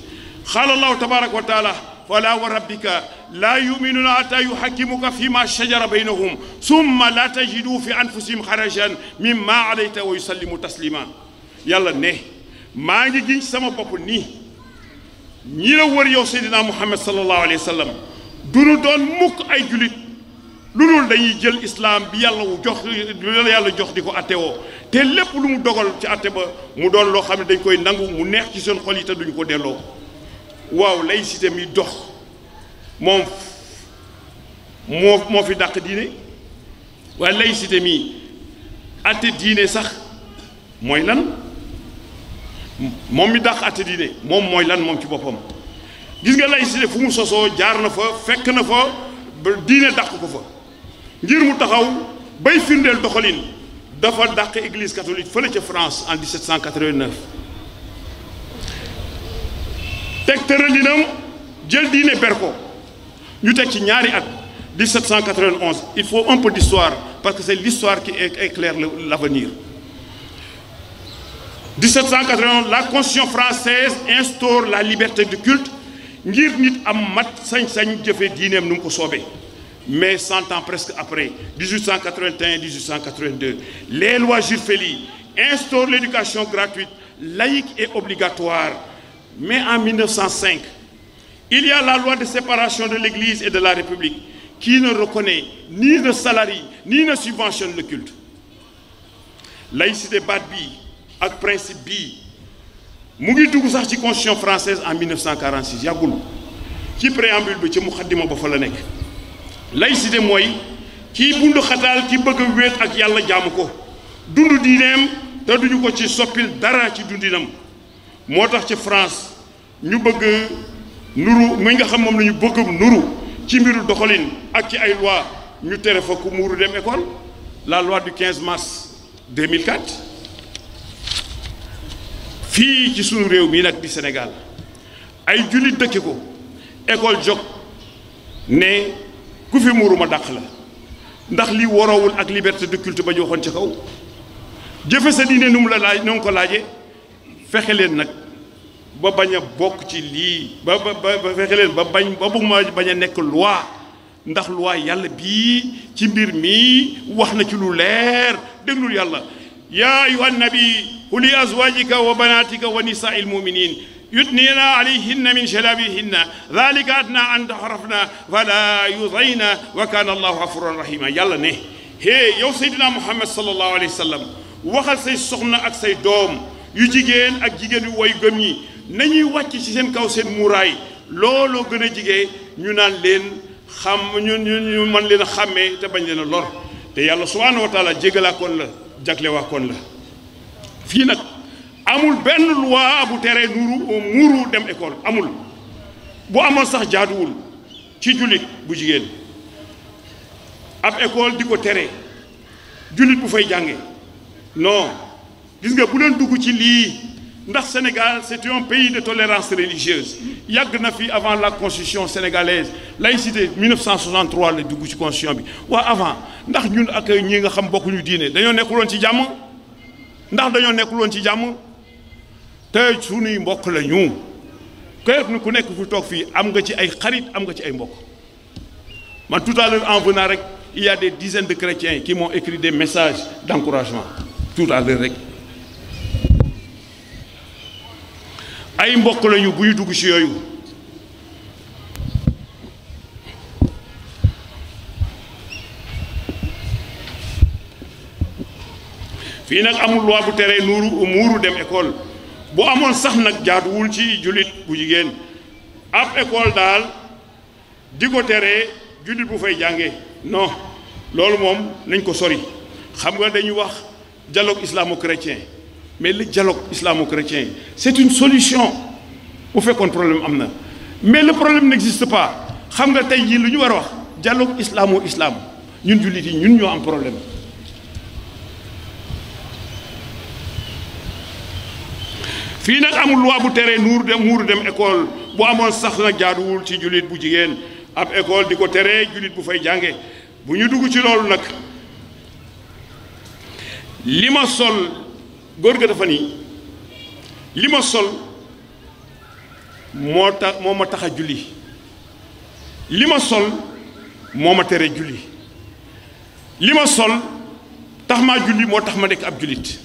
قال الله تبارك وتعالى فلا وربك لا يؤمنون حتى يحكموك فيما شجر بينهم ثم لا تجدوا في أنفسهم حرجا مما عليت ويسلموا تسليما yàlla ne maa ngi giñ sama bopp nii ñi la wër yow Seydina Muhammad sallallahu alayhi wa sallam du nu doon mukk ay julit lu dul dañuy jël islaam bi yàlla wu jox lu la yàlla jox di ko attewoo te lépp lu mu dogal ci atte ba mu doon loo xam ne dañ koy nangu mu neex ci seen xol yi te duñ ko delloo waaw laïcité mi dox moom moo moo fi dàq diine waaye laïcité mi atte diine sax mooy lan moom mi dàq atte diine moom mooy lan moom ci boppam gis nga laïcité fu mu sosoo jaar na fa fekk na fa diine dàq ko fa ngir mu taxaw bay firndeel doxalin dafa dàq église catholique fële ca France en 1789 teg tëralinam jël diine ber ñu teg ci ñaari at 1791 il faut un peu d'histoire parce que c'est l'histoire qui éclaire l'avenir 1791 la constitution française instaure la liberté de culte ngir nit am mat sañ-sañ jëfe diineem nu mu ko soobee mais cent ans presque après 1881 1882 les lois Jules Ferry instaurent l'éducation gratuite laïque et obligatoire Mais en 1905, il y a la loi de séparation de l'Église et de la République qui ne reconnaît nii na salarie ni ne subventionne le culte laïcité baat bii ak principe bi mu ngi dugg sax ci constitution française en 1946 yàggul ci préambule bi ci muxaddima ba fa la nekk laïcité mooy kii bundu xataal ki bëgg a ak yàlla jàmm ko dund diineem te duñu ko ci soppil dara ci dundinam moo tax ci France ñu bëgg nuru mi nga xam moom lañu ñu bëggum nuru ci mbiru doxalin ak ci ay loi ñu tere fa ku muuru dem école la loi du 15 mars 2004 fii ci sunu réew mii nag di Sénégal ay jullit dëkke ko école jog ne ku fi muuru ma dàq la ndax li waroowul ak liberté de culte ba ñu waxoon ci kaw jëfe sa diine nu mu la laaj nu ko laaje fexe leen nag ba bañ a bokk ci lii ba ba ba fexe leen ba bañ ba bëgg ma bañ a nekk loi ndax loi yàlla bii ci mbir mi wax na ci lu leer déglul yàlla yaa ayuha nabi huli azwajika wa banatika wa nisaa'il mu'minin yudniina alayhinna min jalaabihinna dalika adnaa an taxrafna fala yudayna wa kaana allahu gafuuran rahima yàlla ne hee yow seydina muhammad sallallahu alayhi wa sallam waxal say soxna ak say doom yu jigéen ak jigéen yu woy gëm yi nañuy wàcc ci seen kaw seen muuraay looloo gën a jigee ñu naan leen xam ñu ñu man leen a xàmmee te bañ leen a lor te yàlla subhaanahu wa taala jégalaakoon la jaglewaakoon la fii nag amul benn loi bu tere nuru muuru dem école amul bu amal sax jaaduwul ci jullit bu jigéen ab école di ko tere jullit bu fay jànge non gis nga bu leen dugg ci lii ndax Sénégal c'est un pays de tolérance religieuse yàgg na fi avant la constitution sénégalaise laïcité 1963 la dugg ci constitution bi waa avant ndax ñun ak ñi nga xam bokkuñu diine dañoo nekkuloon ci jàmm ndax dañoo nekkuloon ci jàmm te suñuy mbokk la ñu kayet ku nekk fu toog fii am nga ci ay xarit am nga ci ay mbokk man tout à l'heure en venant rek il y a des dizaines de chrétiens qui m'ont écrit des messages d'encouragement tout à rek ay mbokk lañu bu ñu dugg ci yooyu fii nag amul loi tere nuuru muuru dem école bu amoon sax nag jaaduwul ci jullit bu jigéen ab école daal di ko tere jullit bu fay jànge non loolu moom nañ ko sori xam nga dañu wax dialogue islamo-chrétien mais le dialogue islamo-chrétien c'est une solution bu fekkoon problème am na mais le problème n'existe pas xam nga tey jii lu ñu war a wax dialogue islamo islaam ñun jullit yi ñun ñoo am problème fii nag amul loi bu teree nuur dem muuru dem école bu amoon sax nag jaaduwul ci jullit bu jigéen ab école di ko teree jullit bu fay jànge bu ñu dugg ci loolu nag li ma sol góor ga dafa nii li ma sol moo tax moo ma tax a julli li ma sol moo ma tere julli li ma sol tax maa julli moo tax ma nekk ab jullit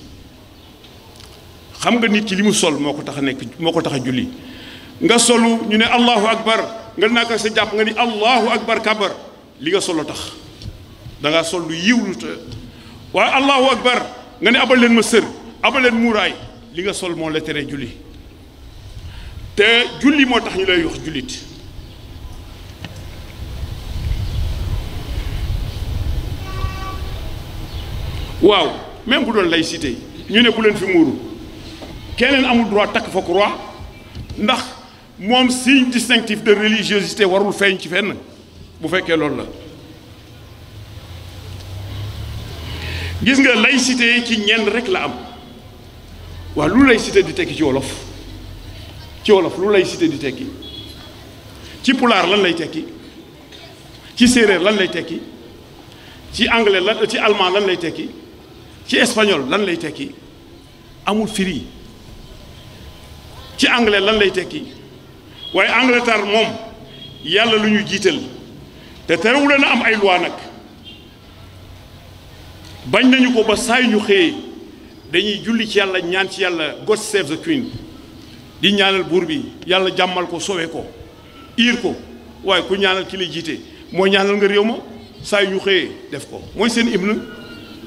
xam nga nit ci li mu sol moo ko tax a nekk moo ko tax a julli nga solu ñu ne allahu akbar nga naka sa jàpp nga ni allahu akbar kabar li nga solo tax da sol lu yiw lu te waaye allahu akbar nga ne abal leen ma sër amaleen muuraay li nga sol moo la tere julli te julli moo tax ñu lay wax jullit waaw même bu doon laïcité ñu ne bu leen fi muuru keneen amul droit takk fa croix ndax moom signe distinctif de religiosité warul feeñ ci fenn bu fekkee loolu la gis nga laïcité ci ñenn rek la am waaw lu laïcité di tekki ci wolof ci wolof lu laïcité di tekki ci pulaar lan lay tekki ci séeréer lan lay tekki ci anglais lan ci allemand lan lay tekki ci espagnol lan lay tekki amul firi ci anglais lan lay tekki waaye Angleterre moom yàlla lu ñu jiital te terewul na am ay loi nag bañ nañu ko ba saay ñu xëyee dañuy julli ci yàlla ñaan ci yàlla God seve the queen di ñaanal buur bi yàlla jàmmal ko sowe ko iir ko waaye ku ñaanal ki la jiite mooy ñaanal nga réew ma saa yu ñu xëyee def ko mooy seen hymne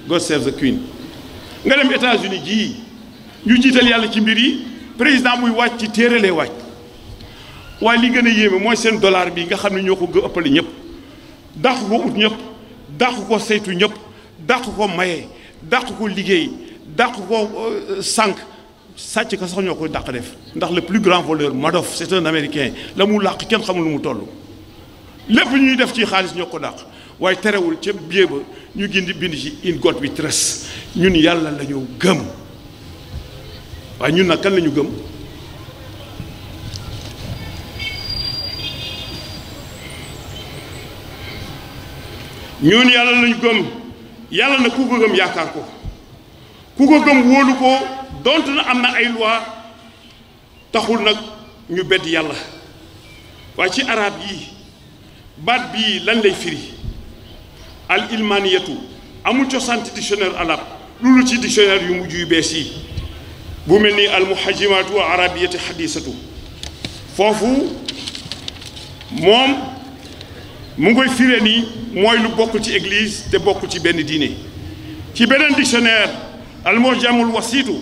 God save the queen nga dem États-Unis jii ñu jiital yàlla ci mbir yi président muy wàcc ci téere lay wàcc waaye li gën a yéeme mooy seen dollar bi nga xam ne ñoo ko ëppale ñëpp dàq ko ut ñëpp dàq ko seytu ñëpp dàq ko maye dàq ko liggéey dàq ko euh, sànq sàcc ka sax ñoo koy dàq def ndax le plus grand voleur Madoff c'est américain la mu làq kenn xamul lu mu toll lépp ñuy def ci xaalis ñoo ko dàq waaye terewul ca biir ba ñu gindi bind ci in God we trust ñun yàlla la ñu gëm waaye ñun nag kan la ñu gëm ñun yàlla la ñu gëm yàlla na ku ko gëm yaakaar ko ku ko gëm wóolu ko dont na am na ay loi taxul nag ñu bedd yàlla waaye ci arab yi baat bii lan lay firi al ilmaniyatu amul cosaan ci dictionnaire arab loolu ci dictionnaire yu mujj yu bees yi bu mel ni al muhajimaatu wa arabiyati xadisatu foofu moom mu ngoy firee ni mooy lu bokkul ci église te bokkul ci benn diine ci beneen dictionnaire almuhjamul wasiitu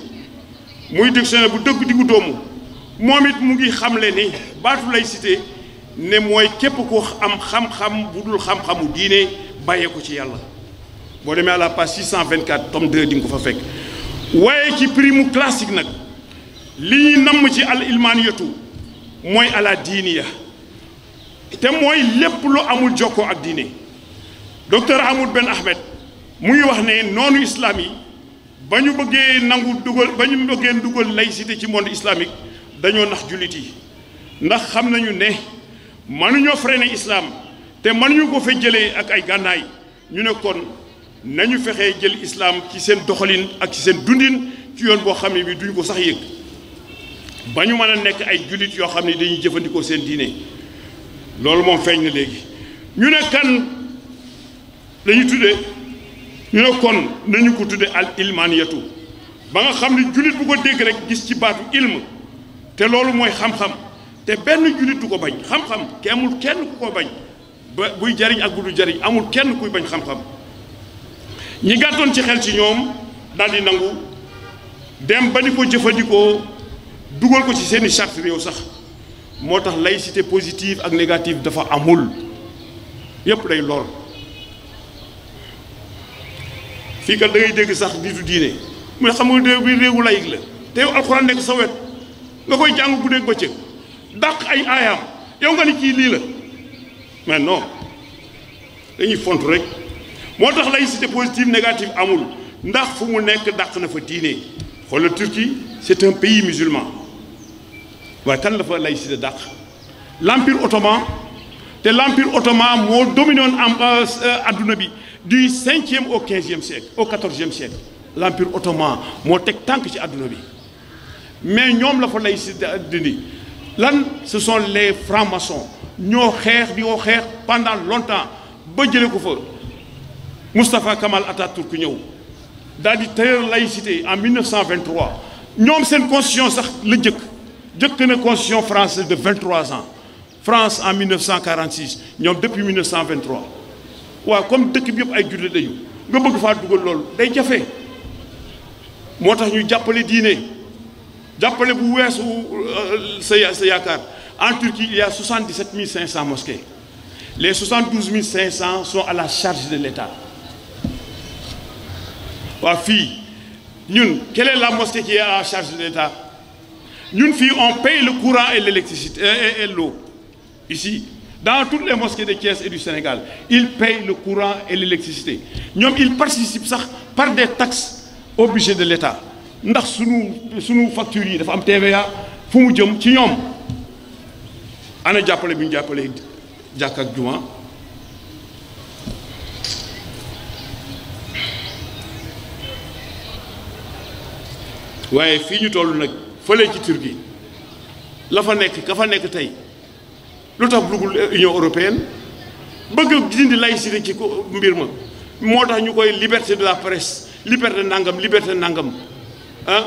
muy dictionnaire bu dëgg diggu doomu moom it mu ngi xamle ni baatu laïcité ne mooy képp ku am xam-xam bu dul xam-xamu diine bàyyee ko ci yàlla boo demee à la page 624 tome 2 di nga ko fa fekk waaye ci primu classique nag li namm ci al ilmaaniyatu mooy ala diiniya te mooy lépp lu amul jokkoo ak diine docteur Amadou Ben Ahmed mu ngi wax ne noonu islam yi ba ñu bëggee nangu dugal ba ñu bëggee dugal laïcité ci monde islamique dañoo nax jullit yi ndax xam nañu ne mënuñoo ne islam te ñu ko fa jëlee ak ay gànnaay ñu ne kon nañu fexee jël islaam ci seen doxalin ak ci seen dundin ci yoon boo xam ne bi duñu ko sax yëg ba ñu mën a nekk ay jullit yoo xam ne dañuy jëfandikoo seen diine loolu moom feeñ na léegi ñu ne kan lañu tuddee ñu ne kon nañu ko tudde al ilmaniyatu ba nga xam ne jullit bu ko dégg rek gis ci baatu ilm te loolu mooy xam-xam te benn jullit du ko bañ xam-xam kenn ku ko bañ ba buy jariñ ak bu du jariñ amul kenn kuy bañ xam-xam ñi gàttoon ci xel ci ñoom daal di nangu dem ba di ko jëfandikoo dugal ko ci seeni charte réew sax moo tax lay laïcité positive ak négative dafa amul yépp day lor fii kat da ngay dégg sax nitu diine mu ne xam nga bi réewu layig la te yow alxuraan nekk sa wet nga koy jàng bu nekk bëccëg dàq ay aayaam yow nga ni kii lii la mais non dañuy font rek moo tax laïcité positive négative amul ndax fu mu nekk dàq na fa diine xoolal Turquie c'est un pays musulman waaye kan la fa laïcité dàq lampiir ottoman te l'empire ottoman moo dominé woon am àdduna euh, euh, bi du cinquième au quinzième siècle au quatorzième siècle l'empire ottoman moo teg tànk ci àdduna bi mais ñoom la fa lay si dindi lan ce sont les francs ñoo xeex di ko xeex pendant longtemps ba jëlee ko fa Moustapha Kamal ku ñëw daal di tëral laïcité en 1923 ñoom seen constitution sax la jëkk jëkk na constitution française de 23 ans France en 1946 ñoom depuis 1923. waaw comme dëkk bi yëpp ay jullit lañu nga bëgg faa dugal loolu day jafe moo tax ñu jàppale diine jàppale bu weesu euh, sa yaakaar en Turquie il y a cinq 500 mosquées les 72 500 sont à la charge de l'État waaw fii ñun quelle la mosquée qui à la charge de l'État ñun fii on paye le courant et l'électricité et dans toutes les mosquées de Thiès et du Sénégal ils payent le courant et l'électricité ñoom ils participent sax par des taxes au de l'État ndax suñu sunu facture yi dafa am TVA fu mu jëm ci ñoom ana jàppale bi ñu jàppale jàkk ak juma waaye fii ñu toll nag fële ci Turquie la fa nekk ka fa nekk tey lu tax bëggul euh, Union européenne bëgg dindi na ci mbir ma moo tax ñu koy liberté de la presse liberté nangam liberté nangam ah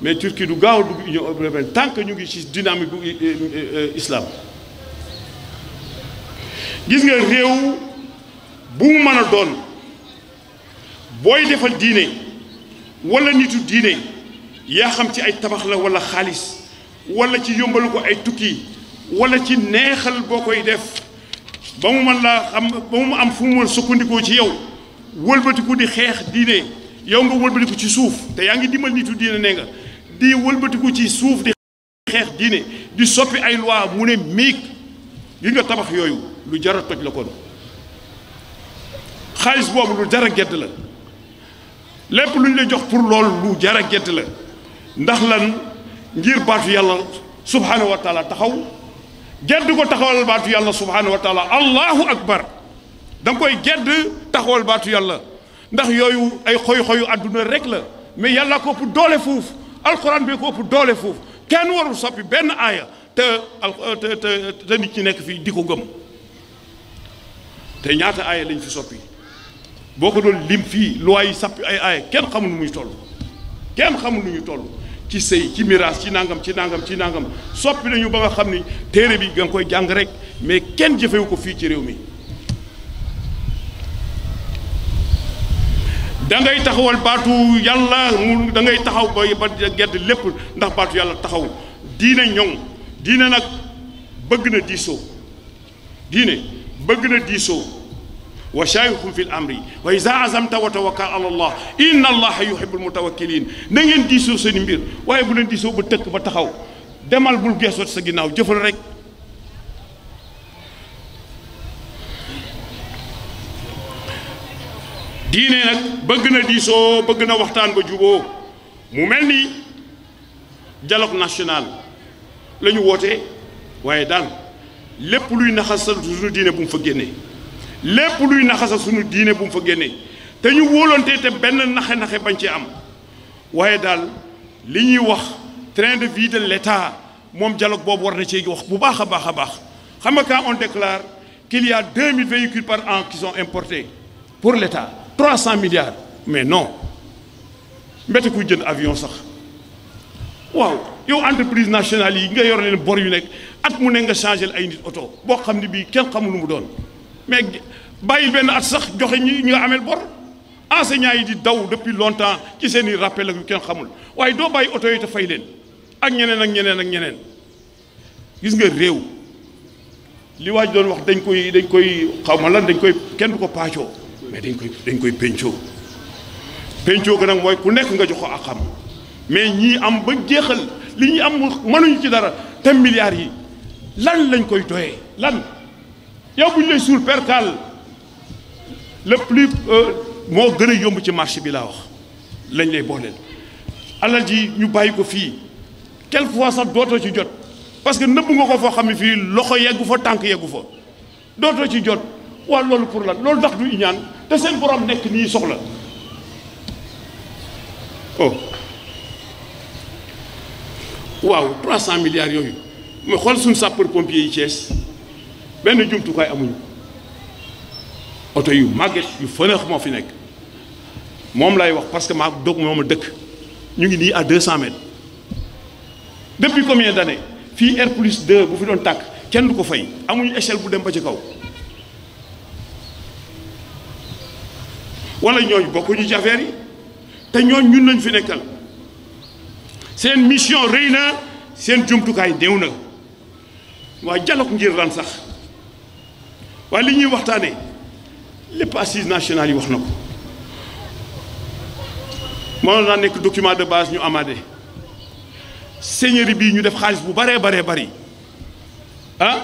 mais Turquie du gaaw dugg Union européenne tant que ñu ngi ci dynamique bu euh, euh, islam gis nga réew bu mu mën a doon booy defal diine wala nitu diine yaa xam ci ay tabax la wala xaalis wala ci yombalu ko ay tukki wala ci neexal boo koy def ba mu mën laa xam ba mu am fu mu mën sukkandikoo ci yow wëlbatiku di xeex diine yow nga wëlbatiku ci suuf te yaa ngi dimbal nitu diine nee di wëlbatiku ci suuf di xeex diine di soppi ay loi mu ne miig yi nga tabax yooyu lu jar a toj la kon xaalis boobu lu jar a gedd la lépp lu ñu lay jox pour lool lu jar a gedd la ndax lan ngir baatu yàlla subhaanahu wa taxaw gedd ko taxawal baatu yàlla subhanahu wa taala allahu akbar da nga koy gedd taxawal baatu yàlla ndax yooyu ay xoyu xoyu àdduna rek la mais yàlla ko ëpp doole foofu alquran ko ëpp doole foofu kenn warul soppi benn aaya euh, te te te nit ñi nekk fii di ko gëm te ñaata aaya lañ fi soppi boo ko doon lim fii loi yi sappi ay aaya kenn xamul nu muy toll kenn xamul nu muy toll ci sëy ci miraas ci nangam ci nangam ci nangam soppi nañu ba nga xam ni téere bi nga koy jàng rek mais kenn jëfewu ko fii ci réew mi dangay taxawal baatu yàlla mu dangay ngay taxaw ba ba gedd lépp ndax baatu yàlla taxaw diine ñoŋ diine nag bëgg na diisoo diine bëgg na diisoo wa shaawirhum fil amri wa iza azamta wa tawakkal ala allah inna allaha yuhibbul mutawakkilin na ngeen diisoo seen mbir waaye bu leen diisoo ba tëkk ba taxaw demal bul geesoot sa ginnaaw jëfal rek diine nag bëgg na diisoo bëgg na waxtaan ba juboo mu mel ni dialogue national lañu woote waaye daal lépp luy sa suñu diine bu mu fa génne lépp luy naxasa suñu diine bu mu fa génnee te ñu wóolante te benn naxe-naxe bañ ci am waaye daal li ñuy wax train de vie de l'État moom dialogue boobu war na cee wax bu baax a baax a baax xam nga quand on déclare qu'il y a 2000 véhicules par an qui sont importés pour l'État milliards mais non mbete kuy jënd avion sax waaw yow entreprise nationale yi nga yor leen bor yu nekk at mu ne nga changé ay nit oto boo xam ne bii kenn xamul mu doon mais bàyyi benn at sax joxe ñi ñu amel bor enseignants yi di daw depuis longtemps ci seen i rappel ak yu kenn xamul waaye doo bàyyi oto yi te fay leen ak ñeneen ak ñeneen ak ñeneen gis nga réew li waaj doon wax dañ koy dañ koy xaw ma lan dañ koy kenn du ko paacoo mais dañ koy dañ koy pencoo pencoo ko nag mooy ku nekk nga jox ko ak xam mais ñii am ba jeexal li ñuy am mënuñu ci dara te milliards yi lan lañ koy doyee lan. yow bu ñu lay suul perkaal le plus euh, moo gën a yomb ci marché bi laa wax lañ lay booleel alal ji ñu bàyyi ko fii quelquefois sax dootoo ci jot parce que nëbb nga ko foo xam ne fii loxo yeggu fa tànk yeggu fa dootoo ci jot waaw loolu pour lan loolu ndax du ñaan te seen nekk nii soxla oh waaw yooyu mais xool suñu sapeur pompier yi Thiès. benn jumtukaay amuñu oto yu màgget yu fënëx moo fi nekk moom lay wax parce que maa doog moom dëkk ñu ngi nii à 200 mètres depuis combien d'années fii R plus 2 bu fi doon tàkk kenn du ko fay amuñu échelle bu dem ba ci kaw wala ñooñu bokkuñu ci yi te ñooñ ñun lañ fi nekkal seen mission rey na seen jumtukaay néew na waa dialogue ngir ran sax waaye li ñuy waxtaanee lépp assises nationales yi wax na ko mënoon naa nekk document de base ñu amaade seigneurie bii ñu def xaalis bu baree baree bari ah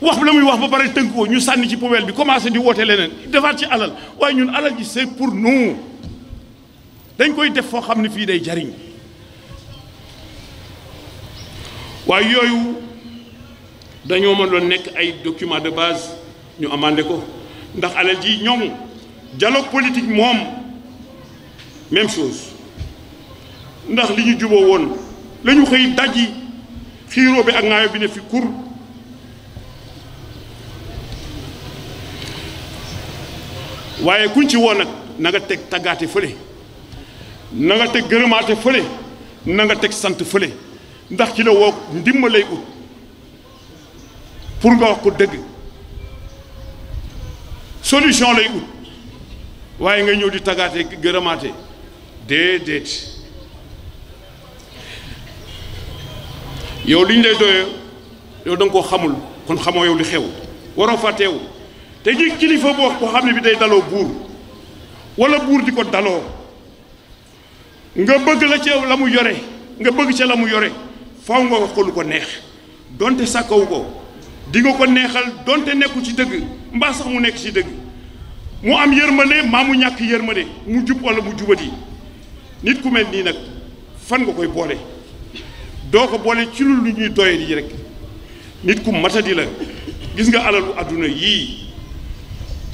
wax la muy wax ba pare tënk ko ñu sànni ci poubelle bi commencé di wootee leneen defaat ci alal waaye ñun alal ji c'est pour nous dañ koy def foo xam ne fii day jariñ waaye yooyu dañoo mën doon nekk ay document de base ñu amandé ko ndax alal ji ñoom dialogue politique moom même chose ndax li ñu juboo woon la ñu xëy dajji xiiroo bi ak ngaayo bi ne fi kur waaye kuñ ci woon nag nanga teg taggaate fële na nga teg gërëmaate fële nanga teg sant fële ndax ci la woo ndimbalay ut pour nga wax ko dëgg solution lay ut waaye nga ñëw di taggaate gërëmaate déedéet yow li ñu lay doyee yow da nga koo xamul kon xamoo yow li xew waroo fàtteewu te ñi kilifa boo xam ne bi day daloo buur wala buur di ko daloo nga bëgg la ca la mu yore nga bëgg ca la mu yore faw nga wax ko lu ko neex donte sàkkawu ko di nga ko neexal donte nekku ci dëgg mbaa sax mu nekk ci dëgg mu am yërmande maa mu ñàkk yërmande mu jub wala mu jubadi nit ku mel nii nag fan nga koy boole doo ko boole ci lu lu ñuy doyee rek nit ku matadi la gis nga alalu àdduna yii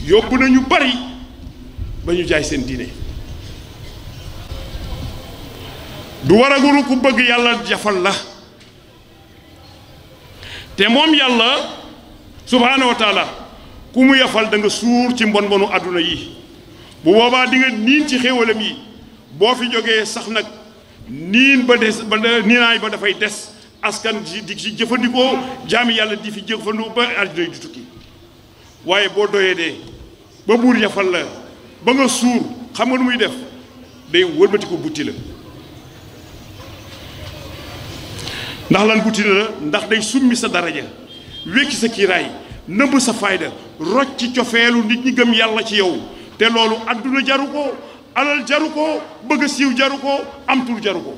yóbbu na ñu bari ba ñu jaay seen diine du waragulu ku bëgg yàlla jafal la te moom yàlla subhaanahu ku mu yafal da suur ci mbon mbonu àdduna yi bu boobaa di nga niin ci xéewalam yi boo fi jógee sax nag niin ba des ba niinaay ba dafay des askan di ci jëfandikoo jaami yàlla di fi jëfandikoo ba àdduna yi di tukki waaye boo doyee dee ba buur yafal la ba nga suur xam nga nu muy def day wëlbati ko butti la ndax lan butti la ndax day summi sa daraja wékki sa kiiraay nëbb sa fayda rocc ci cofeelu nit ñi gëm yàlla ci yow te loolu adduna jaru ko alal jaru ko bëgg a siiw jaru ko amtul jaru ko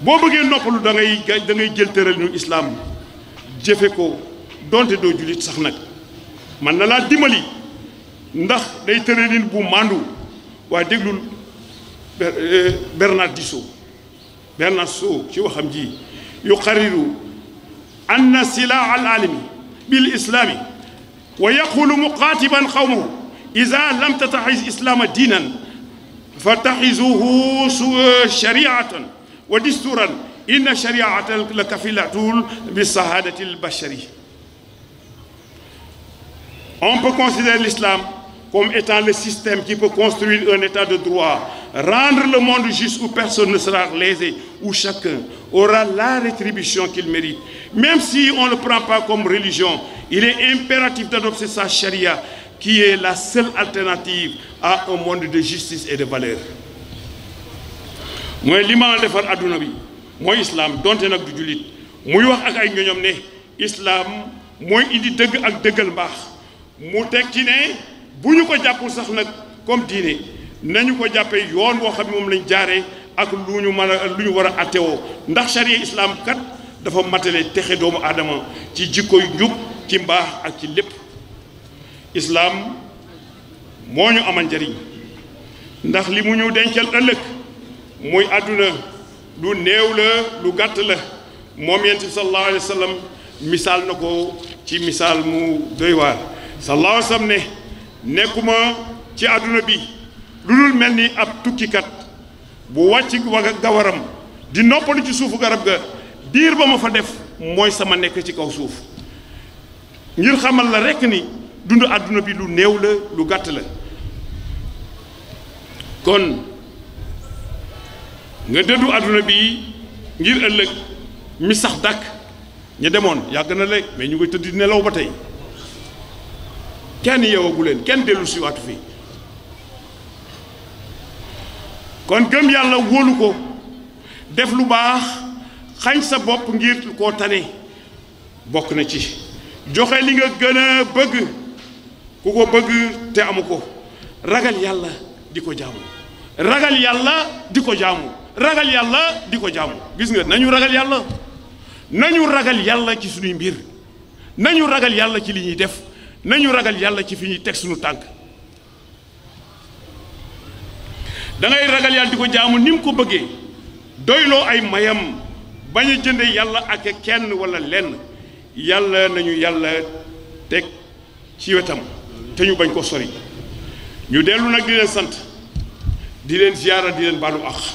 boo bëggee noppalu da ngay da jël tëral ñu islaam jëfe ko donte doo jullit sax nag man na laa dimbali ndax day tëralin bu màndu waaye déglul euh, Bernard Disso Bernard ci waxam ji yu xariru anna silaa al aalimi bil islaami wa yaqulu muqaatiban qawmahu iza lam tattaxiz islaama diinan fa taxizuhu shariatan wa distuuran inna shariata la kafilatul bi sahaadati al bashari on peut considérer l'islam comme étant le système qui peut construire un état de droit, rendre le monde juste où personne ne sera lésé, où chacun aura la rétribution qu'il mérite. Même si on ne le prend pas comme religion, il est impératif d'adopter sa charia, qui est la seule alternative à un monde de justice et de valeur. mooy li ma defar adduna bi mooy islam donte nag du jullit muy wax ak ay ñoñom ne islam mooy indi dëgg ak dëggal mbaax mu teg ci bu ñu ko jàppul sax nag comme diine nañu ko jàppee yoon woo xam ne moom lañ jaare ak lu ñu mën a lu ñu war a attewoo ndax charia islam kat dafa matale texe doomu aadama ci jikko yu njub ci mbaax ak ci lépp islaam moo ñu amal njariñ ndax li mu ñu dencal ëllëg muy àdduna lu néew la lu gàtt la moom yent bi sallallahu alayhi wa sallam misaal na ko ci misaal mu doy waar sallallahu alayhi ne nekkuma ci àdduna bi lu dul mel ni ab tukkikat bu wàcc waga gawaram di noppalu ci suufu garab ga diir ba ma fa def mooy sama nekk ci kaw suuf ngir xamal la rekk ni dund àdduna bi lu néew la lu gàtt la kon nga dëddu àdduna bi ngir ëllëg mi sax dàkk ña demoon yàgg na léegi mais ñu ngi tëdd nelaw ba tey kenn yeewagu leen kenn dellu si waatu fii kon gëm yàlla wóolu ko def lu baax xañ sa bopp ngir ko tane bokk na ci joxe li nga gën a bëgg ku ko bëgg te amu ko ragal yàlla di ko jaamu ragal yàlla di ko jaamu ragal yàlla di ko jaamu gis nga nañu ragal yàlla nañu ragal yàlla ci suñuy mbir nañu ragal yàlla ci li ñuy def nañu ragal yàlla ci fi ñuy teg suñu tànk dangay ragal yàlla di ko jaamu ni mu ko bëggee doyloo ay mayam bañ a jënd yàlla ak kenn walla lenn yàlla nañu yàlla teg ci wetam te ñu bañ ko sori ñu dellu nag di leen sant di leen ziyaara di leen baalu ax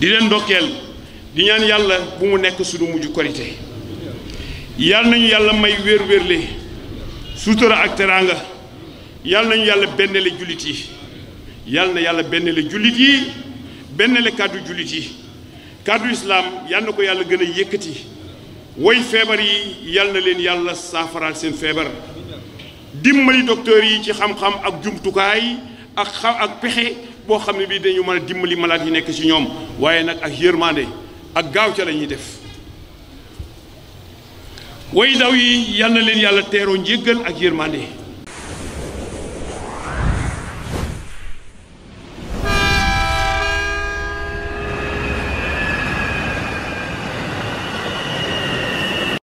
di leen ndokkeel di ñaan yàlla bu mu nekk suñu mujj korité yal nañu yàlla may wér wérle sutura ak teraanga yal nañu yàlla benn le jullit yi yal na yàlla benn le jullit yi benn le kàddu jullit yi kàddu islaam yal na ko yàlla gën a yëkkati woy feebar yi yàlla na leen yàlla saafaraal seen feebar dimbali docteur yi ci xam-xam ak jumtukaay ak xam ak pexe boo xam ne bii dañu mën a dimbali malaat yi nekk ci ñoom waaye nag ak yërmande ak gaaw ca la ñuy def way daw yi yal leen yàlla teeroo njéggal ak yërmande